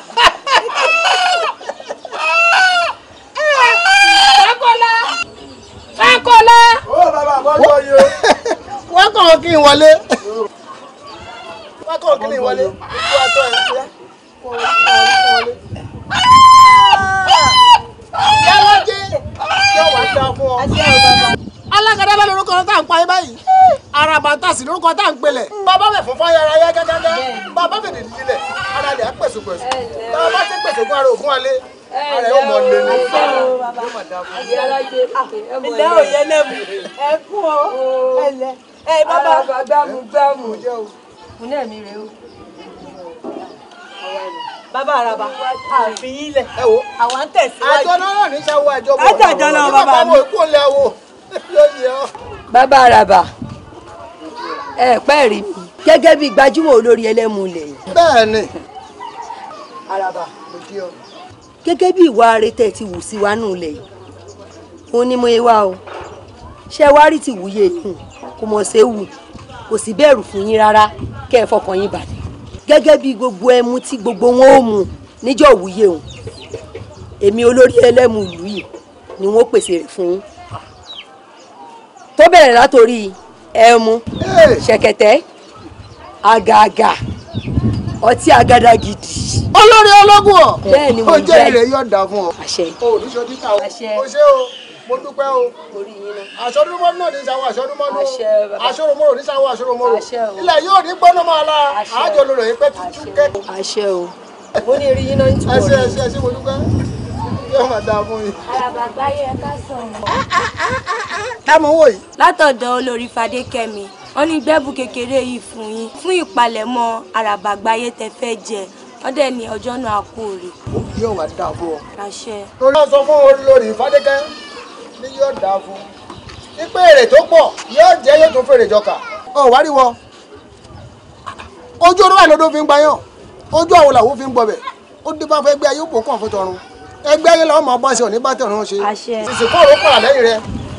Kọ́lá. ó bàbá àkọ́jọ́ yìí o.
wọ́n kàn kí n wọlé. wọ́n kàn kí n wọlé.
wọ́n tọ́ ẹ̀ fúyà. yálà jẹ́ yọ̀wá dá fún ọ alágàdá bá lórúkọ tá à ń pa
báyìí araba tá a tá à ń pelẹ̀ bàbá bẹ̀ fún fáyàrá yá gágágá bàbá bẹ̀ lè lílẹ̀ ara rẹ̀ á pẹ̀sùpẹ̀sù
tá a bá ti pẹ̀sùpẹ̀ ara
òkun alẹ́ ara yóò mọ lé ní.
ilé òye lẹ́mu ẹ kú o ẹlẹ ẹ bàbá gbàmù gbàmù mo ní ẹ̀mí rẹ o bàbá araba àfihàn ilẹ̀ àwọn tẹ̀síwájú àtọ̀nà
náà ní sáwọ́ àjọpọ̀ àtàjọ náà bàbá mi
bàbá àràbà ẹ pẹ́ rí mi gẹ́gẹ́ bí gbajúmọ̀ olórí ẹlẹ́mu yìí. bẹ́ẹ̀ni
àràbà mo di ọ.
gẹ́gẹ́ bí ìwà arètẹ̀ ti wù
sí wa nù ilẹ̀ yìí òun ni mo yẹ wá o ṣé wá rí ti wúyè yìí kò mọ̀ ṣe wù kò sì bẹ̀rù fún yín rárá kẹ́ ẹ fọkàn yín balẹ̀ gẹ́gẹ́ bí gbogbo ẹmu tí gbogbo wọn ò mu níjọ́ wúyè o. èmi olórí ẹlẹ́mu
ìlú yìí ni wọ́n pèsè rẹ̀ fún yín tó bẹ̀rẹ̀ látòrí ẹmu ṣẹ̀kẹ̀tẹ̀ àgàgà ọtí àgàdà gidi. olórí ológun ọ bẹ́ẹ̀ ni mo jẹ ó jẹ ìrẹ
yóò dà fún ọ. àṣẹ oníṣọ títà o o ṣé o mo dúpẹ́ o aṣọ́dúnmọ́rún náà ní sáwọ́ aṣọ́dúnmọ́rún aṣọ́rọ̀mọ́rún ní sáwọ́ aṣọ́rọ̀mọ́rún ilẹ̀ yóò ní gbọ́nà máa la àjọ lórí ẹ̀ pẹ́ tuntun kẹ́kọ̀ọ́. àṣẹ o mo ní eré yín náà ń tún bọ̀ ọ́. ẹ ṣe ẹ ṣe ẹ ṣe mo dúpẹ́ yóò máa dáa
fún mi. àràbà gbáyé ẹ
ká sọ ọmọ. Ah, ah,
ah, táàmù wò yìí. látọ̀dọ̀ olórí fadékẹ́mi wọ́n ní gbẹ́bù kékeré yìí fún yín fún ìpalẹ̀mọ́ àràbà gbáyé tẹ fẹ́ jẹ wọ́n dẹ̀ ní ọjọ́ náà a kú rè. òbí ọ̀wà dáa fún ọ. àṣẹ. torí wọ́n sọ
fún olórí fadékẹ́ ni yóò dáa fún ní pé èrè tó pọ̀ yóò jẹ́ yóò tún fèrè jọkà. ọ̀ wá rí wọn ojú olúwa lọ́dún fi ń gbayàn ojú àwọn làwọn fi ń gbọbẹ̀ ó dé bá fẹ́ gbé ayé òpó kàn fún tọrun ẹgbẹ́ yín lọ́mọ bá ṣe òní bá tẹ̀ ọ̀run ṣe sísè kóòrò pàrà lẹ́yìn rẹ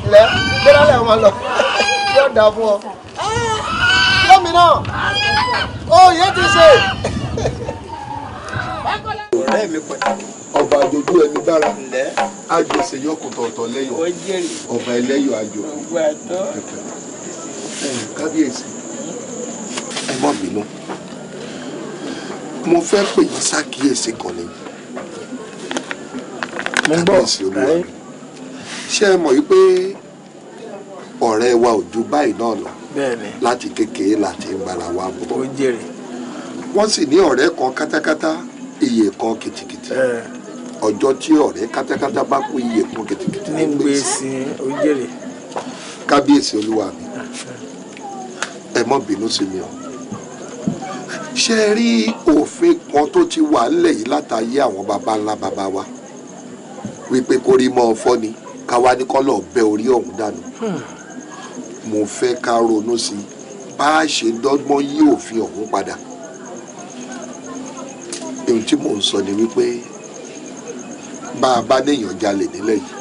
ilẹ̀ gbẹ́lálẹ̀ ọmọ lọ yóò dà fún ọ. lómi náà oyè ti ṣe.
ọ̀rẹ́ mi pẹ̀lú ọba àjòjú ẹni dára àjòsè yọkù tọ̀ọ̀tọ̀ lẹ́yọ̀ ọba ẹlẹ́yọ̀ àjòkù kábíyèsí ẹ má bínú mo fẹ́ pè yín sákìyèsí kan nìyí mo ń bọ̀ ẹ. ṣé ẹ mọ̀ yìí pé ọ̀rẹ́ wa ò ju báyìí náà lọ láti kékeré láti gbàrà wa bọ̀ wọ́n sì ní ọ̀rẹ́ kan kátákátá iye kan kìtìkìtì ọjọ́ tí ọ̀rẹ́ kátákátá bá kú iye kan kìtìkìtì ní gbèsè ojèrè. kábíyèsí olúwa mi ah, ah. ẹ mọ́ bínú sí mi o ṣe rí òfin kan tó ti wà nílẹ̀ yìí látàyé àwọn baba ńlá baba wa wípé kó rí mọ́ ọ fọ́ ni káwa ní kọ́lọ̀ bẹ orí ọ̀hún dànù hmm. mo fẹ́ ká ronú sí bá a ṣe dọ́gbọ́n yí òfin ọ̀hún padà ohun tí mò ń sọ ni wípé bá a bá léèyàn jalè nílẹ̀ yìí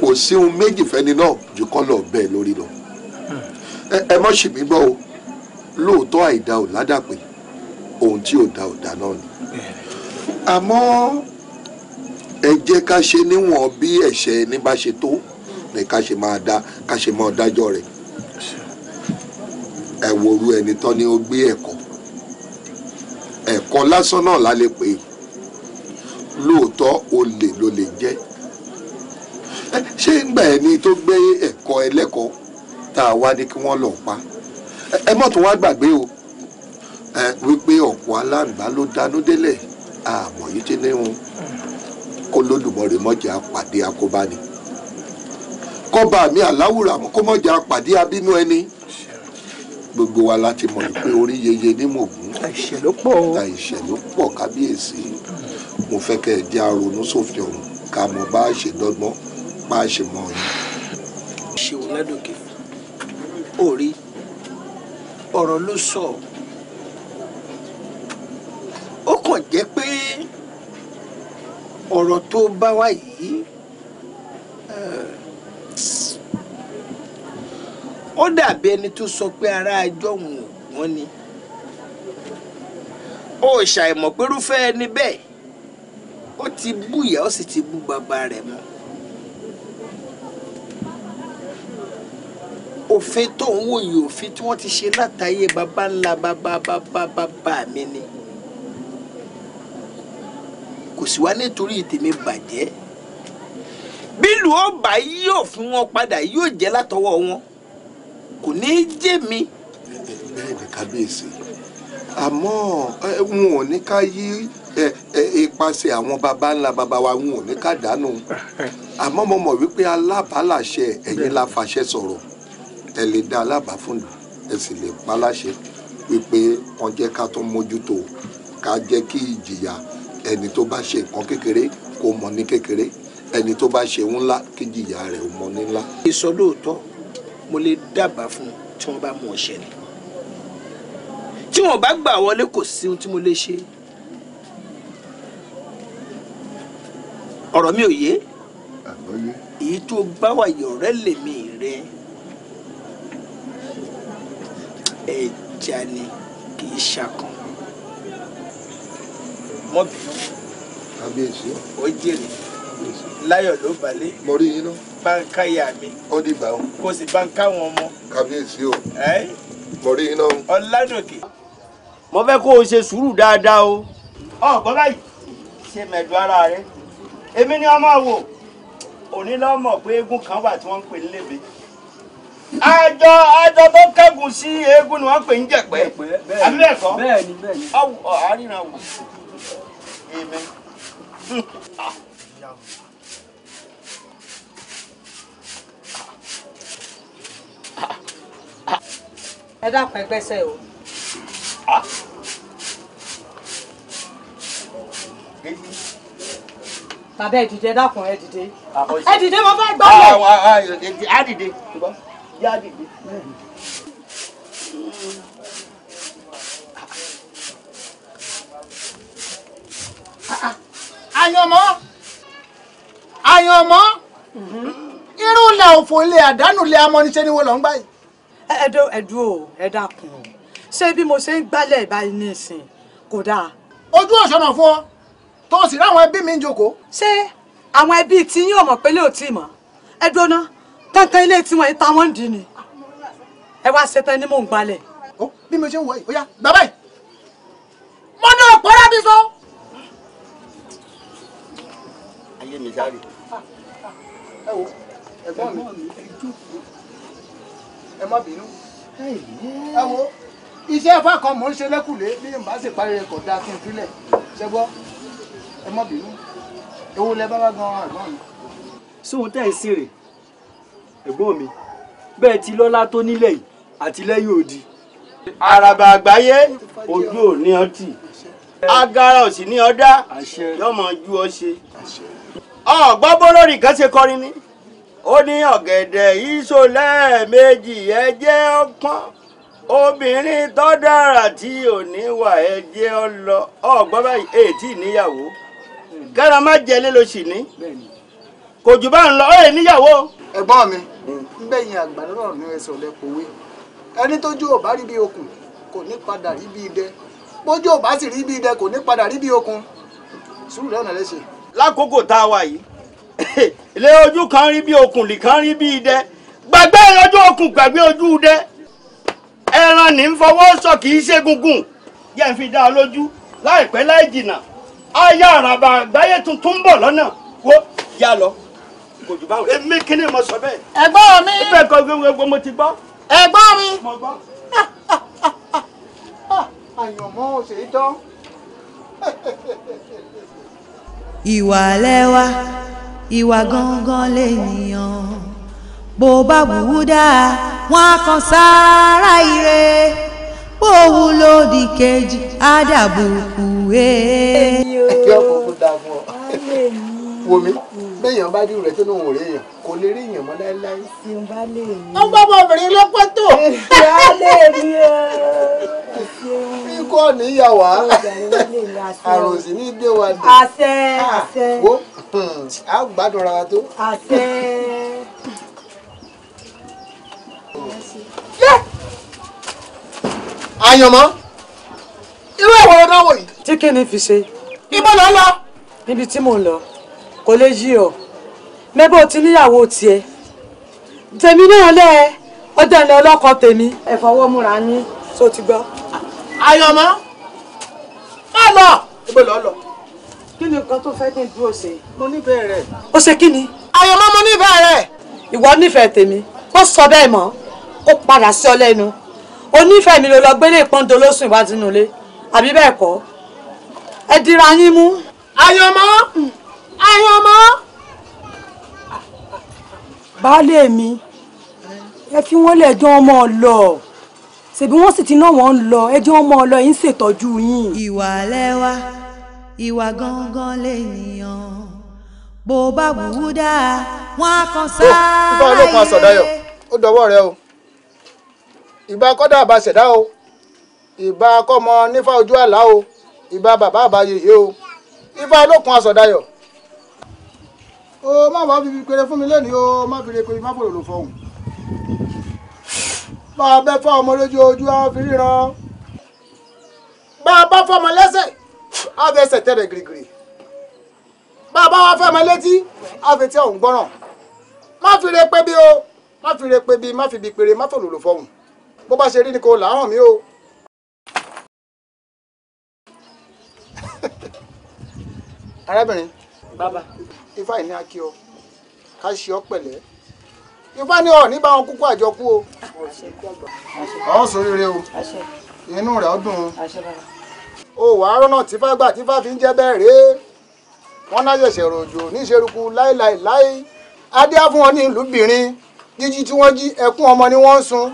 kò sí ohun méjì fẹ́ni náà ju kọ́lọ̀ bẹ́ẹ̀ lórí lọ
hmm.
ẹ mọ́ sì mí gbọ́ o lóòótọ́ àìda ò ládàpé ohun tí ò da ò da náà ni àmọ́ ẹ jẹ́ ká ṣe níwọ̀n bí ẹ̀ṣẹ̀ ní bá ṣe tó ni ká ṣe máa dá ká ṣe máa dájọ́ rẹ̀ ẹ woru ẹni tán ni ó gbé ẹ̀kọ́ ẹ̀kọ́ lásán náà la lè é lóòótọ́ olè ló lè jẹ́ ṣé ìgbà ẹni tó gbé ẹ̀kọ́ ẹlẹ́kọ̀ọ́ tá a wá ní kí wọ́n lọ pa ẹ mọ̀ tó wá gbàgbé o wípé ọ̀pọ̀ aláǹgbá ló dánú délẹ̀ àmọ̀ yìí ti ní wọn kó lódùmọ̀rè mọ́jà pàdé akóbáni kọ́ba mi aláwùrà kó mọ́jà pàdé abínú ẹni gbogbo wa láti mọ̀ pé orí yeye ní mògún àìṣẹ̀ ló pọ̀ àìṣẹ̀ ló pọ̀ kábíyèsí mo fẹ́ kẹ́ ẹ jẹ́ aronú sófin ọ̀hún ká mọ bá a ṣe dọ́gbọ́n bá a ṣe mọ ọ̀yìn. ṣeun ládòkè
orí ọ̀rọ̀ ló sọ ó kàn jẹ́ pé ọ̀rọ̀ tó bá wá yìí eh, ó dàbí ẹni tó sọ pé ara ajọ́ òun ò gbọ́n ni ó ṣàìmọ̀ pérúfẹ́ ẹni bẹ́ẹ̀ ó ti bú ìyá ó sì ti bú bàbá rẹ̀ mọ́ òfin tó ń wò òfin tí wọ́n ti ṣe látàyè bàbá ńlá bàbá bàbá bàbá mi ni kò sì wá nítorí tèmi bàjẹ́ bílù ọba yóò fún wọn padà yóò jẹ́ látọwọ́ wọn
kò ní í jẹ́ mi. bẹ́ẹ̀ ni kábíyèsí àmọ́ wọn ò ní ká yí ipasẹ̀ àwọn baba ńlá baba wa wọn ò ní ká dànù àmọ́ mo mọ̀ wípé alábàálàṣẹ ẹ̀yin la fàṣẹ sọ̀rọ̀ ẹ lè dá alábàá fún mi ẹ sì lè pa wípé wọn jẹ́ ká tó mójútó ká jẹ́ kí ìjìyà ẹni tó bá ṣe nǹkan kékeré kó mọ ní kékeré ẹni tó bá ṣe ńlá kí jìyà rẹ̀ ò mọ ní ńlá. ìsọ mo lè dábàá fún un tí wọ́n bá mú ọ̀ṣẹ́ ni tí wọ́n bá gbà wọlé kò sí ohun tí mo
lè ṣe. ọ̀rọ̀ mi ò yé èyí tó bá wà yọ̀rẹ́ lèmi rẹ ẹja ni kì í ṣakàn mọ́ bí. kábíyèsí. ó jèrè láyọ̀ ló balẹ̀. mo rí yín náà. báńkà ìyá mi. ó di ìgbà o. kò sí báńkà wọn mọ.
kábíyèsí o. mo rí yín náà. ọ̀làdòkè.
mo fẹ́ kó o ṣe sùúrù dáadáa o. ọ̀ gbọ́dọ̀ yìí ṣe mẹ̀dùn ara rẹ̀ èmi ni ọmọ wò òní lọ́mọ̀ pé eégún kan wà tí wọ́n ń pè ní lèbe àjọ àjọ tó kẹ́gùn sí eégún ni wọ́n pè ń jẹ̀pẹ́ àbí bẹ́ẹ̀ bẹ́ẹ̀ ni bẹ́ẹ̀ ni ọ̀ wò. Amen.
Ẹ dákun ẹgbẹ́sẹ̀ o. Bàbá ẹ dìde dákun ah, ah, ah, ẹ dìde.
Ẹ dìde mo fẹ́ gbọ́.
Á dìde. Yá dìde. àyànmọ́
àyànmọ́ irú ilẹ̀ òfò ilẹ̀ àdánù ilẹ̀ amọ́niṣẹ́ ni wọ́n lọ ń gbà yìí. ẹdọ ẹdùn o ẹ dákun o ṣé bí mo ṣe ń gbálẹ̀ báyìí ní kò dáa. ojú òṣùnà fún ọ tó o sì ráwọn ẹbí mi ń jókòó. ṣé àwọn ẹbí tí yín ò mọ̀ pé lóòótì mọ́ ẹ dóná kankan ilé tí wọ́n ta wọ́n ń dì ní ẹ wá ṣetán ni mò ń gbálẹ̀. ó bí mo ṣe ń wọ yìí ó yá bàbá yìí mo ní ọ̀pọ̀ rábí sọ. yé mi sáré.
ẹ wo ẹ̀gbọ́n mi ẹ má bínú ẹ wo iṣẹ́ ẹ̀fà kan mò ń ṣe lẹ́kùlé bí n bá sì parí rẹ̀ kọ̀ da kí n filẹ̀ ṣe gbọ́ ẹ má bínú ewu lẹ bá wá gan ẹ̀gbọ́n mi. sóhun tẹ́ ẹ̀ sí rè ẹ̀gbọ́n mi bẹ́ẹ̀ ti lọ́lá tó nílẹ̀ yìí àti lẹ́yìn odi. àràbà àgbáyé ojú ò ní ọtí agara òsì ní ọdá yọmọ ju ọ ṣe. ọ̀gbọ́n kan ṣe kọrin ni ó ní ọ̀gẹ̀dẹ̀ ìṣó lẹ́ẹ̀mejì ẹ jẹ́ ọpọ́n obìnrin tó dára tí ò ní wà ẹ jẹ́ lọ báyìí níyàwó má sì ní kò jù ẹ̀ níyàwó. mi ń bẹ̀yìn àgbàdo ní ẹsẹ̀ ẹni tójú ò bá rí bí okùn kò ní padà rí bí idẹ bójú ò bá sì rí bí idẹ kò lákòókò tá a wà yìí ilé ojú kan rí bí okùn lì kan rí bí idẹ gbàgbé ojú okùn gbàgbé ojú idẹ ẹran ní ń fọwọ́ sọ kì í ṣe gungun yẹn fi dá a lójú láìpẹ́ láì jìnnà ayé àràbà àgbáyé tuntun bọ̀ lọ́nà wo yá lọ kò jù báwo èmi kí ni mo sọ bẹ́ẹ̀. ẹ̀gbọ́n mi. bẹ́ẹ̀ kọ́ gbogbo mo ti gbọ́. ẹ̀gbọ́n mi. mo gbọ́. àyànmọ́ ò ṣe é dán.
ìwà lẹ́wà ìwà gangan lènìyàn bó bá wù ú dáa wọn á kan sáárá ire bó wù lódì kejì á dàbùkù e. ẹ. jẹ́
ọkùnrin
fún ọ wo mi béèyàn
bá dìrò rẹ tó náà wò rí èèyàn kò lè rí èèyàn mọ́ láéláé. tí n bá lè rí. ó gbọ́ ọmọbìnrin lọ́pọ̀ tó. èsì á lè rí ẹ. kíkọ́ níyà wá. àrùn sì ní dé wa dùn. àṣẹ ah, àṣẹ. wo a gbádùn ara wa tó. àṣẹ.
àyànmọ́ irú ẹ̀wọ̀n ọ̀dọ́ wò yìí. tí kìíní fi ṣe. ibo ló ń lọ. níbi tí mò ń lọ kò lè yí ọ mẹ́bẹ́ o ti níyàwó tiẹ̀ tèmi náà lẹ́ ẹ ọdẹ ilẹ̀ ọlọ́kọ tèmi ẹ fọwọ́ múra yín tó ti gbọ́. àyànmọ́ má lọ. ìbò lọ lọ. kí ni nǹkan tó fẹ́ kí n dúró ṣe mo nífẹ̀ẹ́ rẹ̀. ó ṣe kí ni. àyànmọ́ mo nífẹ̀ẹ́ rẹ̀. ìwọ nífẹ̀ẹ́ tèmi kó sọ bẹ́ẹ̀ mọ́ kó padà sí ọ lẹ́nu onífẹ̀ẹ́ mi ló lọ gbélé ìpọ́ndọ̀ lóṣù ìwádìí nulẹ̀ àbí bẹ́ẹ̀ kọ́ ẹ dira yín mú. àyànmọ́ ẹ̀yin ọmọ baálé mi ẹ fi wọ́n lẹ̀ jọ́ ọmọ lọ ṣebí wọ́n sì ti ná wọn lọ ẹ jẹ́ ọmọ lọ yín ṣètọ́jú yín. ìwà
lẹ́wà ìwà gangan lènìyàn bó bá wù wọn kan sáré. ìbá olókun àsọdáyọ ó dọwọ́ rẹ o
ìbá kọdà àbá ṣẹdá o ìbá kọmọ nífà ojú àlá o ìbá bàbá àbáyé yìí o ìbá olókun àsọdáyọ o ma wàá fi péré fún mi lónìí o má fi re pé má fòlò lò fọhùn bá a bẹ fọ ọmọ lójú ojú á fi ríran bá a bá fọmọ lẹ́sẹ̀ á fẹsẹ̀ tẹ̀lẹ̀ gírígírí bá a bá wá fọmọ létí á fi tí òun gbọ́ràn má fi re pé bí o má fi re pé bí má fi bi péré má fòlò lò fọhùn bó bá ṣe rí ni kò làárọ̀ mi o. arábìnrin. bàbá ifá ìní akí ọ ká ṣe ọ pẹ̀lẹ́ ifá ní ọ ní bá wọn kúkú àjọkú o ọ sóríire o inú rẹ ọdún o wàá rọ́nà tífá gbà tífá fi ń jẹ́ bẹ́ẹ̀ rèé wọ́n náà ṣẹ̀ṣẹ̀ rọ̀jò níṣerúkú láéláéláé adé á fún wọn ní ìlúbìnrin jíjí tí wọ́n jí ẹkún ọmọ ni wọ́n ń sun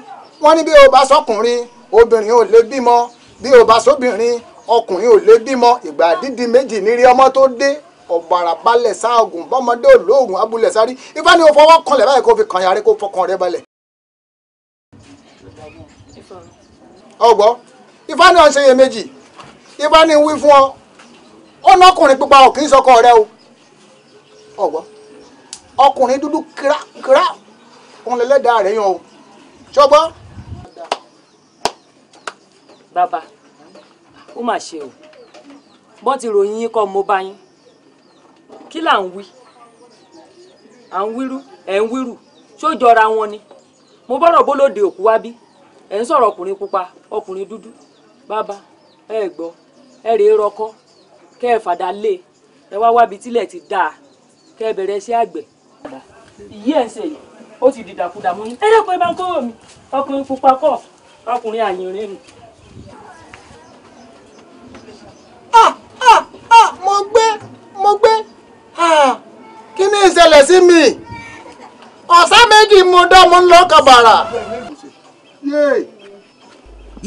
wọ́n ní bí o bá sọkùnrin obìnrin ò lè bímọ bí o bá sóbìnrin ọkùnrin ò lè bímọ ìgbà dídi méjì nírí ọmọ tó dé ọ̀bàrà balẹ̀ sáàgùn bọ́mọdé olóògùn abúlé sárí ifá ni o fọwọ́ kanlẹ̀ báyìí kó fi kàn yàrá kó fọkàn rẹ balẹ̀. ọgbọ́ ifá ni ọ̀ ń ṣe iyèméjì ifá ni wí fún ọ ó ná ọkùnrin pípa ọ̀ kì í sọkọ rẹ o ọgbọ́ ọkùnrin dúdú kíra kíra òun lẹ́lẹ́dàá rẹ̀ yan o ṣọgbọ́.
bàbá ó mà ṣe o bọ́n ti ròyìn yín kọ́ mo bá yín kí là ń wí à ń wírú ẹ̀ ń wírù ṣó jọra wọn ni mo bọ́rọ̀ bólóde òkú wá bí ẹ̀ ń sọ̀rọ̀ ọkùnrin pupa ọkùnrin dúdú bàbá ẹ gbọ́ ẹ rèé rọkọ́ kẹ́ ẹ fàdà lé e. ẹ wá wábi tílẹ̀ ti dáa kẹ́ ẹ bẹ̀rẹ̀ sí àgbẹ̀. ìyí ẹ̀ yìí ó ti dìdàkudà mọ́ yín ẹ dẹ́kun ẹ bá ń kówó mi ọkùnrin pupa kọ́ ọkùnrin àyìnrín mi.
ṣẹlẹ̀ sí mi ọ̀sán méjì mo dánmu lọ kàbàrà.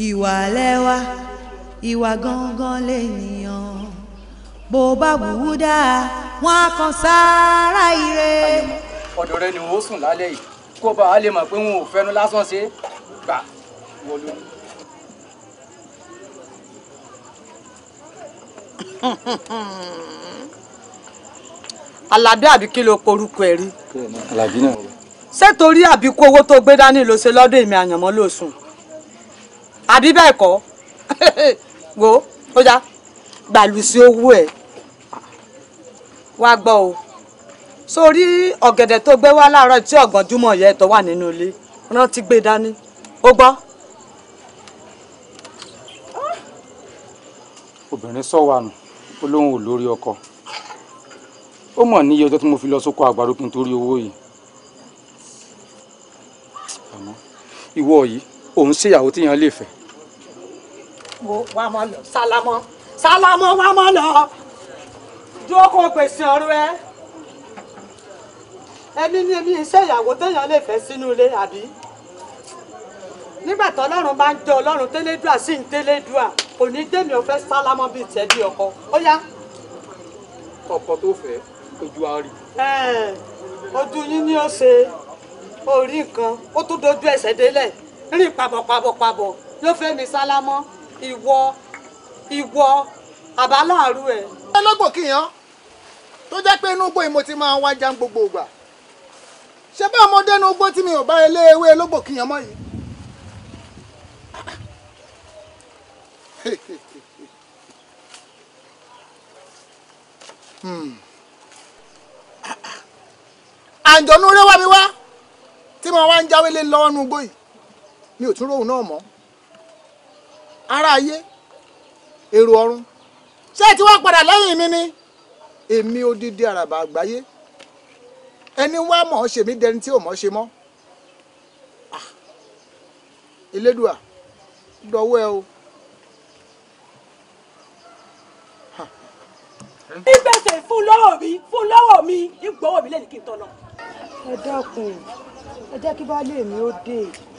ìwà lẹ́wà ìwà gangan lènìyàn bó bá wù wọn á kan sáárá ire.
ọ̀dọ̀ rẹ ni wọ́n sùn lálẹ́ yìí kó bá a lè mọ̀ pé wọn ò fẹ́nu lásán ṣe gbà
wọlé.
aládé àbí kí ló porúkọ ẹ̀ rí. ṣé torí àbíkú owó tó gbé dání ló ṣe lọ́dọ̀ èmi àyànmọ́ ló sùn àbí bẹ́ẹ̀ kọ́ wo ó yá gbàlùsí owó ẹ̀ wá gbọ́ o sórí ọ̀gẹ̀dẹ̀ tó gbé wá láàárọ̀ tí ọ̀gànjúmọ̀ yẹ tó wà nínú ilé rántí gbé dání ó gbọ́.
obìnrin sọ wa nù ó lóun ò lórí ọkọ ó mọ̀ níye ọjọ́ tí mo fi lọ sóko àgbàdo kí n torí owó yìí àmọ́ ìwọ yìí òun ṣèyàwó tíyan lè fẹ́.
wo wàá mọ lọ sálámọ sálámọ wàá mọ lọ dúró kó pèsè ọ̀rọ̀ ẹ ẹni ní èmi ṣèyàwó téèyàn lè fẹ́ sínú ilé àbí nígbà tó ọlọ́run bá ń jẹ ọlọ́run tẹ́lẹ́dùà sí ń tẹ́lẹ́dùà kò ní dèmi ò fẹ́ sálámọ bíi tẹ̀lé ọkọ ó yá. ọkọ tó fẹ́ ojú wa rí. ojú yín ni ó ṣe orí nǹkan ó tún dojú ẹsẹ̀ délẹ̀ rìn pàbọ̀pàbọ̀pàbọ̀ yóò fẹ́ mi sálámọ́ ìwọ ìwọ àbáláàrú ẹ̀.
ọlọ́gbọ̀n kìyàn tó jẹ́ pé inú igbó ìmọ̀ ti máa wá jan gbogbo ìgbà ṣé bá ọmọdé inú igbó tí mi ò bá ilé ewé ológbò kìyàn mọ́ yìí.
Hmm
àǹjọ̀nú rẹwà mi wá tí mo wá ń jáwé lé lọ́wọ́nú gbòyì mi ò tún róhùn náà mọ́ ara ayé èrò ọ̀run ṣé ẹ ti wá padà lẹ́yìn mi ni èmi odidi àràbà àgbáyé ẹni wá mọ̀ ọ́ ṣe mí dẹni tí ò mọ̀ ṣe mọ́ ah! elédùà dọwọ́ ẹ o. bí bẹ́sẹ̀ fún lọ́wọ́ mi fún lọ́wọ́ mi ìgbọ́wọ́ mi lẹ́yìn kí n tọ́
lọ ẹ dákun ẹ jẹ́ kí baálé mi ó dé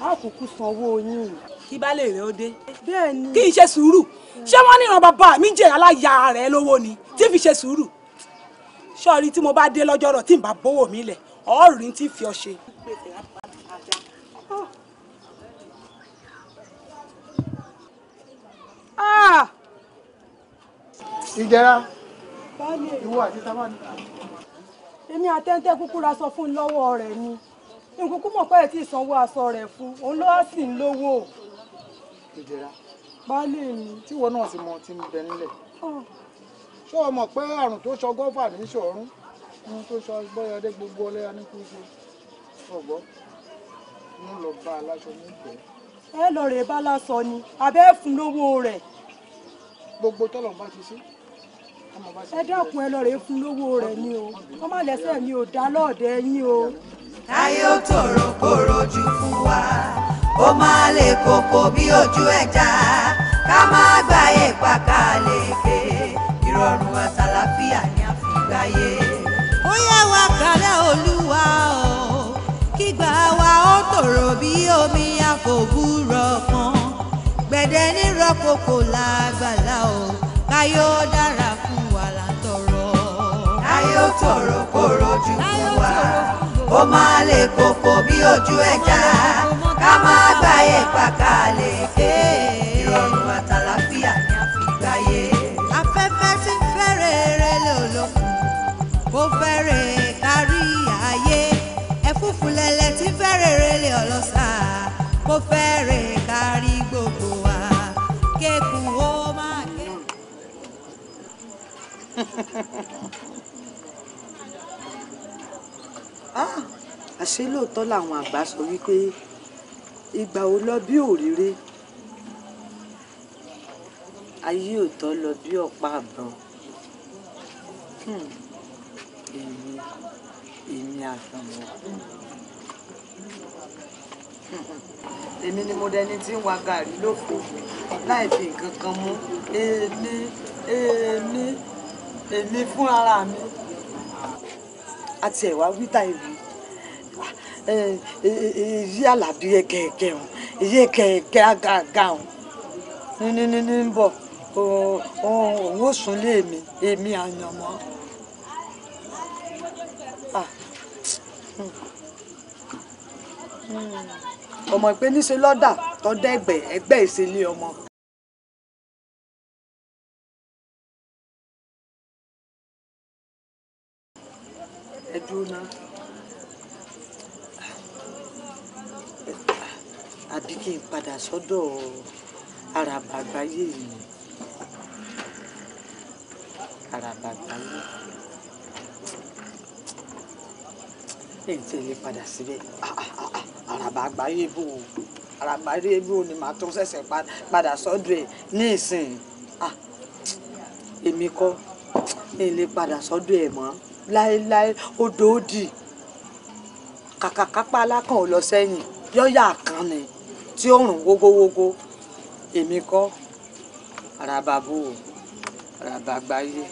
àkókò sanwó yín. kí baálé rẹ ó dé. bẹ́ẹ̀ ni. kí n ṣe sùúrù ṣé wọ́n ní ìran bàbá mi jẹ́ aláya rẹ̀ lówó ni tí fi ṣe sùúrù ṣọ́ọ̀rí tí mo bá dé lọ́jọ́ rọ̀ tí n bá bówó mi lẹ̀ ọ̀ọ́rì tí fi ọ ṣe. Ah! ìjẹra ìwọ àti sábà nìkan èmi àtẹ́ńtẹ́ kúkú ra sọ fún lọ́wọ́ rẹ̀ ni nkúkú mọ̀ pé ẹ̀ tí ìsanwó aṣọ rẹ̀ fún òun ló wá sì ń lówó. ìjẹra baálé mi. tíwọ náà sì mọ ti ń bẹ nílẹ̀.
Ah. ṣé o mọ̀ pé àrùn tó sọ gọ́fà ní sọ̀rún ohun tó sọ bọ́yọdé gbogbo ọlẹ́yà ní kúṣe ọ̀gbọ́ ń lọ bá aláṣọ ní ìgbẹ́.
ẹ lọ rèé bá aláṣọ ni àbẹ́ fún lówó rẹ̀. gbogbo tọ́lọ̀ bá ti ṣe ẹ dákun ẹ lọ rèé fún lówó rẹ̀ ni o wọ́n má lẹ́sẹ̀ mi ò dá lọ́ọ̀dẹ
yín o. táyé ó tòrò kóró jù fún wa ó máa lè kókó bí ojú ẹja ká má gbáyé pàkàlẹ́kẹ́ ìrọ̀rùn àtàlàfíà ni a fi gbáyé. ó yẹ wá kálẹ̀ olúwa o kígbà wa ó tòrò bí omi àfòwúrọ̀ kan gbẹ̀dẹ̀ nírọ̀kòkò làgbàlá o káyọ̀ dára tòrò kó ju fún wa ó máa lè kókó bí ojú ẹja ká máa gbáyé pàkà lè ké ìrọ̀rùn àtàlàfíà ní àfigbáyé. afẹ́fẹ́ tí ń fẹ́ rere lòlòkùn kó fẹ́ rere kárí ayé ẹ̀fúnfúnlẹ̀lẹ̀ tí ń fẹ́ rere lè ọlọ́sà kó fẹ́ ké. Ha ha ha ha.
Ah, àṣé lóòótọ́ làwọn àgbà sọ wípé ìgbà ò lọ bí òréré ayé òótọ́ lọ bí ọ̀pá àbọ̀n hmm, èmi èmi àtàwọn hmm, èmi ni mo dẹni tí ń wa gàrí lóko láì fi nǹkan kan mú èmi èmi èmi fún ara mi àti ẹ̀wà wíta ìlú èyí ah, eh, eh, eh, àlàbí ẹ̀kẹ̀ẹ̀kẹ̀ ọ̀hún èyí ẹ̀kẹ̀ẹ̀kẹ̀ àgàgà ọ̀hún ní ní ní ń bọ̀ òun ò sùn lé èmi èmi àyànmọ́. Ah, hmm. hmm. ọmọ ìpè níṣe lọ́dà
tọ́dẹ́ ẹgbẹ́ ẹgbẹ́ ìṣẹ̀lẹ̀ ọmọ dúró náà àbí kí n
padà sọ́dọ̀ àràbà àgbáyé yìí àràbà àgbáyé ẹ̀ ń tẹ̀lé padà síbẹ̀ àràbà àgbáyé bò ó àràbà àgbáyé bò ó ni màá tó ṣẹ̀ṣẹ̀ padà sọ́dọ̀ ẹ̀ ní ìsìn èmi kọ́ mi lè padà sọ́dọ̀ ẹ̀ mọ́ láéláé odò òdì kàkàkápá alákàn ò lọ sẹ́yìn yọ́yà kan ni tí ó rùn wógówógó èmi kọ́ àràbàbò àràbàgbáyé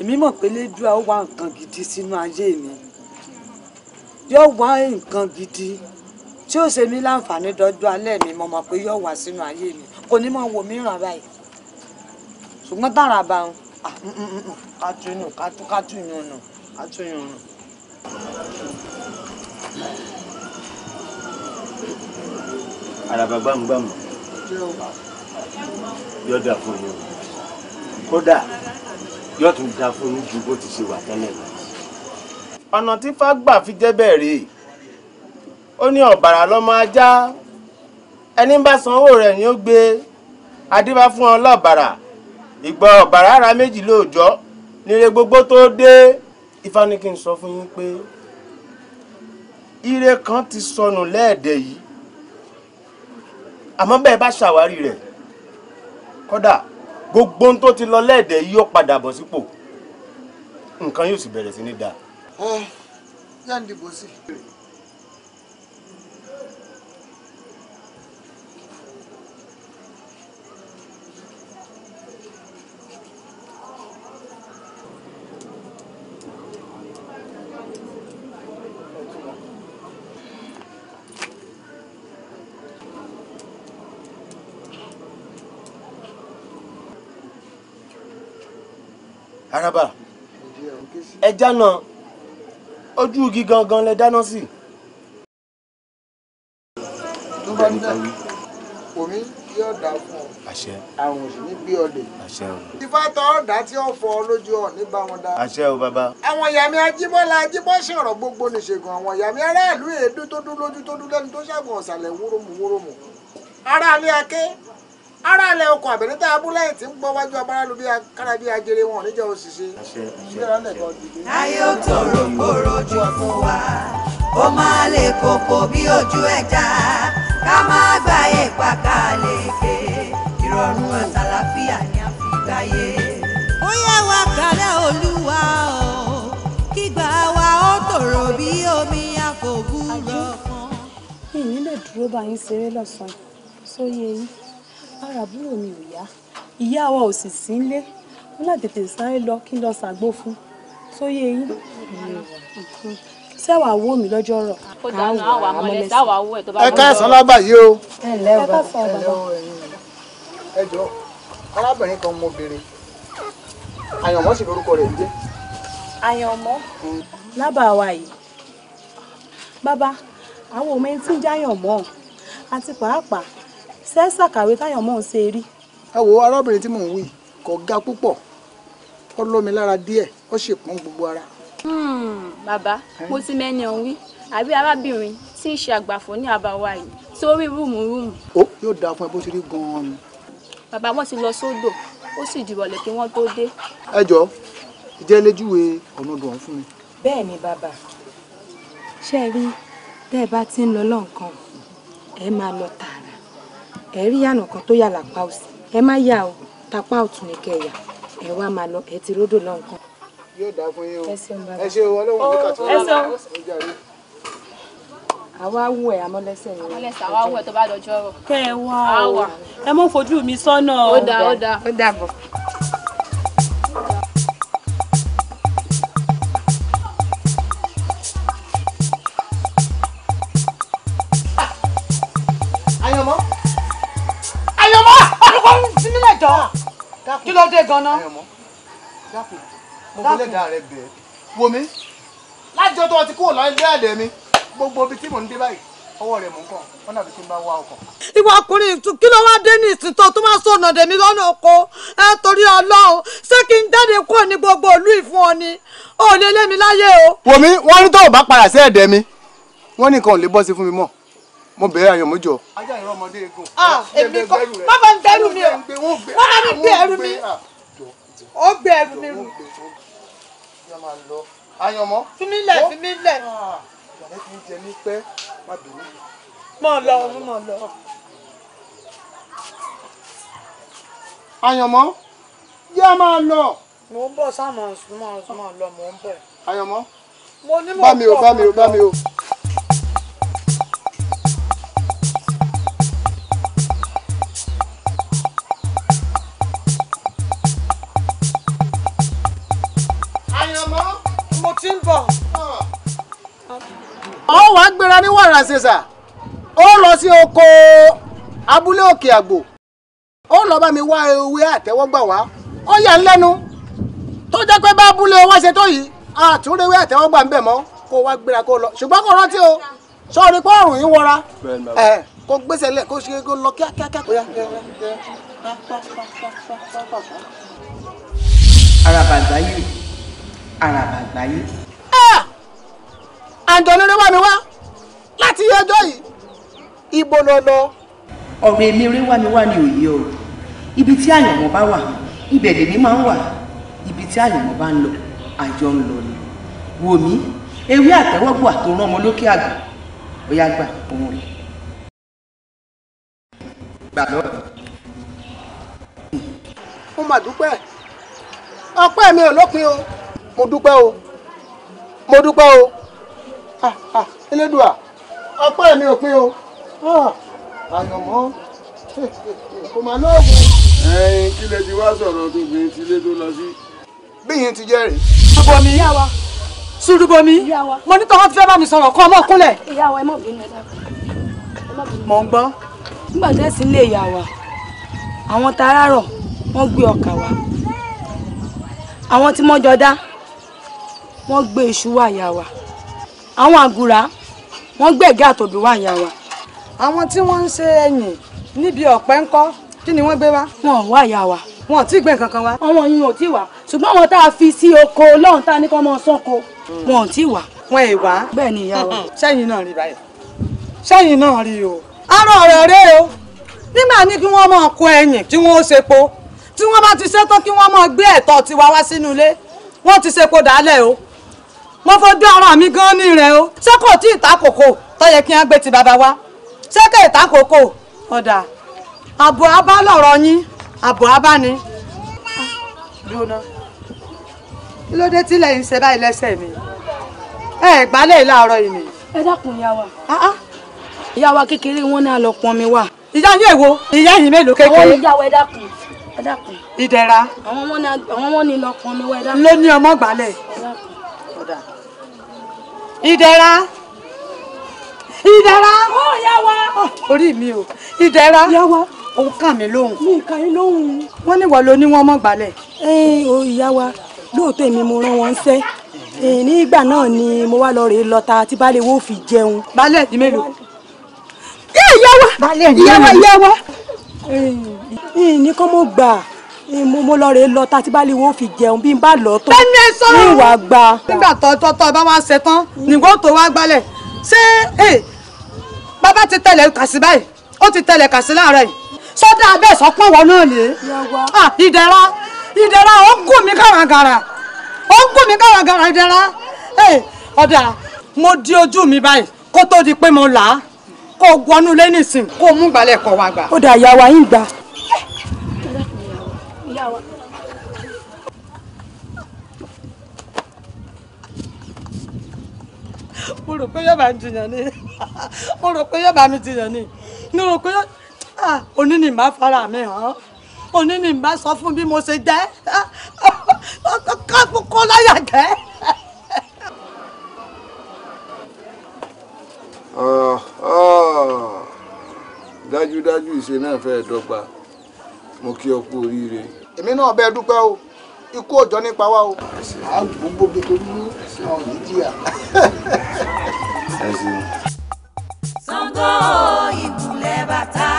èmi mọ̀ pé lẹ́dúrà ó wá nǹkan gidi sínú ayé mi yóò wá nǹkan gidi tí ó ṣe mí láǹfààní dọjọ́ alẹ́ mi mo mọ̀ pé yóò wá sínú ayé mi kò ní mọ̀ wò mí ràn báyìí ṣùgbọ́n tààrà bá kátúnù kátúnù nù kátúnù nù.
àràbà gbàmùgbàmù yóò dà fún yín kódà yóò tún dà fún yín ju bó ti ṣe wà tẹ́lẹ̀ lọ. ọ̀nà tí fágbà fi jẹ́ bẹ́ẹ̀ rèé ó ní ọ̀bàrà lọ́mọ ajá ẹni bá sanwó rẹ̀ ni gbé adébá fún ọ ìgbà ọ̀bàrà ara méjì lóòjọ́ nire gbogbo tó dé ifá ní kí n sọ fún yín pé ire kan ti sọnù lẹ́ẹ̀dẹ̀ yìí àmọ́ bẹ́ẹ̀ bá ṣàwárí rẹ̀ kódà gbogbo ohun tó ti lọ lẹ́ẹ̀dẹ̀ yìí yóò padà bọ̀ sípò nǹkan yóò sì bẹ̀rẹ̀ sí ní dáa. ẹ jẹ́ ǹdìbò sí i. araba ẹja náà ojú igi gangan lẹ dáná sí. tó bá ń dá omi yóò dá fún ọ àwọn òsì ní bí ọdẹ ìfá tọ ọdà tí ó fọ lójú ọ ní bá wọn dá. àṣẹ o bàbá. àwọn ìyàmí ajíbọ́lá ajíbọ́ sọ̀rọ̀ gbogbo nìṣègùn àwọn ìyàmí aráàlú èédú tó dún lójú tó dún lẹ́nu tó ṣàgùn ọ̀sàlẹ̀ wúròmù wúròmù aráàlú akẹ́ ara ilẹ̀ ọkọ̀ àbẹ̀rẹ̀ tá a bú lẹ́yìn tí ń gbọ́ wájú abára lu bí
akára bí ajere wọn níjọ òṣìṣẹ́. ayé ó tòrò korojú fún wa ó máa lè kókó bí ojú ẹja ká má gbàyè pàkà lèkè ìrọ̀rùn àtàlàfíà ni a fi ó yẹ wá kálẹ̀ olúwa o kígbà wa ó tòrò bí omi àfòbú lọ́kàn. mi ò ní lè dúró bá ṣeré
lọ́sàn-án sóyè yín ara àbúrò mi ò yá ìyá wa ò sì sí nílé wọn láti tètè sáré lọ kí n lọ ṣàgbó fún tó yé yín sẹ́wà wò mí lọ́jọ́ rọ̀ àwọn ọmọlẹ́sìn. ẹ káàsán lágbàáyé o. ẹ káàsán bàbá.
ẹ jọ arábìnrin kan mo béèrè àyànmọ́ sì lórúkọ rẹ̀ ń jẹ́.
àyànmọ́ lábàá wa yìí bàbá àwọn ọmọ ẹni tí ń jáyàn mọ́ àti pàápàá sẹ́sà kàwé táyọ̀ mọ̀ ń ṣe rí. ẹ wo arábìnrin tí mò ń wí kò ga
púpọ̀ ó lómi lára díẹ̀ ó sì pọ́n gbogbo ara.
Hmm, bàbá mo ti mẹ́ni ọ̀hún wí àbí arábìnrin tí ń ṣe àgbàfọ̀ ní àbáwá yìí tó rí rúùmù rúùmù.
ó yóò dáa fún ẹ bó ti rí gan-an ni.
bàbá wọn ti lọ sódò ó sì dìrọ̀lẹ́ kí wọ́n tó dé.
ẹ jọ ìjẹ́ lójúwe ọ̀nà dùn fún mi.
bẹ́ẹ̀ ni bàbá ṣe rí tẹ́ bá ti ń lọ lọ́nkàn ẹ máa lọ tààrà ẹ rí yànà kan tó yà lápá òsì ẹ má yà o tapá ọ̀tún ní kẹyà ẹ wá máa lọ ẹ ti ródò lọ nǹkan.
yóò dáa fún yín o
ẹ ṣe owó ọlọ́wọ́n
ní kàtó ọjà
rí.
àwa wù ẹ amọ́lẹ́sẹ̀ ni. amọ́lẹ́sẹ̀ àwa wù ẹ tó bá dọjọ́ rọ. kẹ́ ẹ wá o ẹ mọ̀ fojú mi sọ́nà. ó dáa ó dáa ó dàbọ̀. jọ kí ló dé ganan. mo
gbọ́dọ̀ dá rẹ bẹ̀ẹ́
wò mí lájọ
tó ti kúrò lọ́dẹ ẹ̀dẹ̀ mi gbogbo ibi tí mò ń dé báyìí ọwọ́ rẹ̀ mú kàn wọ́n nàbí tí n bá wá ọkọ̀.
ìwà ọkùnrin kí ló wá dé ní ìsìntàn tó máa sọ̀nà dèmi lọ́nà oko ẹ torí ọlọ́run ṣé kí n jáde kúrò ní gbogbo ìlú ìfún ọ ni ò lè lé láyé o. wò mí wọ́n
ní tó o bá padà sí ẹ̀dẹ̀ mi wọ́n nìkan ò lè bọ́ sí fún mi mọ́ mo bẹ̀rẹ̀ àyànmọ́jọ. ajá ìrọ ọmọdé egun. Ah, èmi kọ má bá ń gbẹrù mi o má bá ń gbé ẹrù mi ah,
ó gbé ẹrù mi rù.
àyànmọ́. fimi lẹ fimi lẹ. ìyàrá ti ń jẹ ní pẹ́ má bínú. mọ lọ mọ lọ. àyànmọ́ yá máa lọ. mò ń bọ̀ sáà mọ̀ sùn mọ̀ sùn mọ̀ lọ mò ń bọ̀. àyànmọ́. mo ní mo bọ̀ bá mi o bá mi o bá mi o. bọ̀. ọ wàá gbéra ní wàrà ṣèṣà ó lọ sí oko abúlé òkè àgbò ó lọ bá mi wá ewé àtẹ́wọ́gbà wá ó yà ń lẹ́nu tó jẹ́ pé bá abúlé wá ṣe tó yìí àtúndéwé àtẹ́wọ́gbà ń bẹ̀ mọ́ kó wá gbéra kó lọ ṣùgbọ́n kò rántí o sọ́ọ́rí pé ọ̀rùn yìí wọra kó gbèsè lẹ̀ kó ṣe kó lọ kíákíá kó yá. àràbà àgbáyé àǹjọ̀nù ah! rẹwà mi wá láti ọjọ́ yìí ibo lọ lọ.
ọ̀rọ̀ èmi rẹwà mi wá ní òye o ibi tí àyànmọ́ bá wà ibẹ̀ lèmi máa ń wà ibi tí àyànmọ́ bá ń lọ àjọ ń lọ ni wò mí ewé àtẹ́wọ́gbà tó rán ọmọ lókè àgbà ó gbà òun rè gbà lọ́rùn.
mo mà dúpẹ́ ọpẹ́ mi ò lópin o mo dúpẹ́ o mo dúpẹ́ o ah, ah, elédùà ọpẹ́ mi ò pín o àyànmọ́ ah, kò mà lóògùn.
ẹyin kí lè ti wá sọ̀rọ̀ tó bìnrin ti
lé tó lọ sí. bíyìn ti jẹ́rìí.
ṣùgbọ́n mi yá wa
sùdùbọ̀ mi mo ní tọ́wọ́ ti fẹ́ bá mi sọ̀rọ̀ kọ́ ọmọ kúnlẹ̀. ìyá wa ẹ mọ̀ bínú ẹ dákun. mọ̀ ń gbọ́. nígbà tẹ́ sí ilé ìyá wa àwọn tarárọ̀ wọ́n gbé ọkà wa àwọn tí mọ́jọ dá wọ́n gbé iṣu wá ìyá wa àwọn àgùrà wọ́n gbẹ̀gẹ́ àtòbí wá ìyá wa. àwọn tí wọ́n ń ṣe ẹ̀yìn níbi ọ̀pẹ ńkọ́ kí ni wọ́n gbé wá. wọn ò wá ìyá wa. wọn ò tí ì gbé nǹkan kan wá. àwọn yìí ò tí ì wá ṣùgbọ́n àwọn tá a fi sí oko lọ́hùn tá a ní kọ́ mọ́ sọ́ko wọn ò tí ì wá. wọn ì wá. bẹ́ẹ̀ ni ìyá wa. sẹ́yìn náà rí báyìí sẹ́yìn náà rí o. arọ rẹ̀ rẹ̀ o nígbà ní kí wọ́n máa kó ẹ̀yìn kí wọ́n ó ṣepo tí wọ́n bá ti ṣetán kí wọ́n máa gbé ẹ̀tọ́ tiwa wá sínú ilé wọ́n ti ṣepo dálẹ̀ o mo fojú ara mi gan ní rẹ o ṣé kò tí ì ta kòkò tó yẹ kí n gbé ti bàbá wa ṣé kò ì ta kòkò ọ̀dà àbò abá lọ̀rọ̀ yín àbò abá ni. kí ló dé tí lẹ́yìn ṣe báyìí lẹ́sẹ̀ mi ẹ gbálẹ̀ láàárọ̀ yìí mi. ẹ dákun ìyá wa. Ah, ah. ìyá wa kékeré wọn ní àlọ́ pọn mi wà. ìyá yín èwo ìyá yìí mélòó kékeré. àwọn ìyá wa ẹ dákun ẹ dákun. ìdẹ̀ra. àwọn wọn ni lọ pọn mi wá ẹ dákun. ló ní ọmọ gbálẹ̀. ẹ dákun ìdẹ̀ra ìdẹ̀ra ó yá wa orí mi o ìdẹ̀ra yá wa òun kàn mí lóhùn. mi kàn yín lóhùn. wọ́n ní ìwọ ló ní wọ́n mọ̀ gbalẹ̀. ẹ ò ìyá wa lóòótọ́ èmi mo rán wọn ń nígbà náà ni mo wá lọ rè lọta tí baálé wo fi jẹun. baálé di mélòó. ìyá wa ìyá wa ìyá wa. nǹkan mo gbà mo mo lọ rè lọ tá a ti bá lè wo fi jẹun bí n bá lọ tó ní ìwà gba. nígbà tọ́tọ́ tọ́ bá wá ṣe tán nìgbọ́ tó wá gbálẹ̀ ṣé ẹ bàbá ti tẹ̀lẹ̀ kàsí báyìí ó ti tẹ̀lẹ̀ kàsí láàárọ̀ yìí sọ́dọ̀ abẹ́ sọ́pọ̀ wọn náà lè. ìdẹ̀ra ìdẹ̀ra ó gùn mí gàràgàrà ó gùn mí gàràgàrà ìdẹ̀ra ọ̀dà mo di ojú mi báyìí kó tó di pé mo là á kó wọnú lé kó mú gbalẹ̀ kọ̀ wá gbà. ó dà yà wá yín gbà. mo rò pé yóò bá mi jiyàn ni mo rò pé yóò bá mi jiyàn ni mo rò pé òní ni màá fara mi hàn òní ni màá sọ fún bí mo ṣe jẹ́
káàpù kó láyà jẹ́.
dájúdájú ìṣe náà fẹ́ẹ́ dọ́gba mo kí ọ kú oríire.
èmi náà bẹ́ẹ̀ dúpẹ́ o ikú òjọ́ nípa wa o à ń kú gbogbo tó ní àwọn yìí jìyà.
Ṣàngó ìkúnlẹ̀ bàtà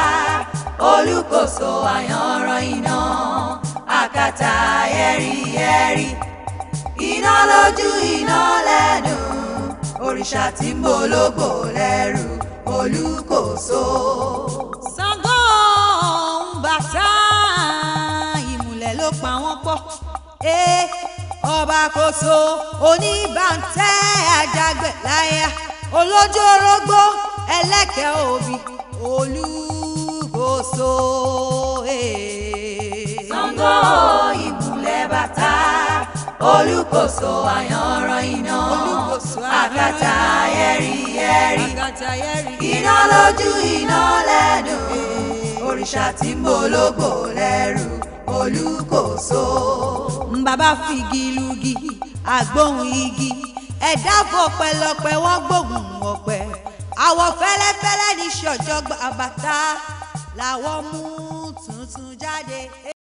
olùkóso àyànràn iná àkàtà ẹ̀rí ẹ̀rí iná lójú iná lẹ́nu òrìṣà tí ń bológbò lẹ́rù olùkóso. Ṣàngó ń bàtà ìmùlẹ̀ ló pa wọ́n pọ̀ ee ọba kòso oníbàntẹ́ àjàgbẹ̀ láyà olójú orógbó ẹlẹ́kẹ̀ òbí olúkòso. Ṣàngó ìbúlẹ̀ bàtà olúkòso àyànràn iná àkàtà yẹ̀rì yẹ̀rì iná lójú iná lẹ́nu òrìṣà tí ń bológbò lẹ́rù olúkòso. bàbá figi lugi àgbóhùn igi ẹ̀dá fọpẹ́ lọ́pẹ́ wọ́n gbógun ọ̀pẹ́ àwọ̀ fẹ́lẹ́fẹ́lẹ́ ní ṣọ̀jọ́gbà bàtà làwọn mú tuntun jáde.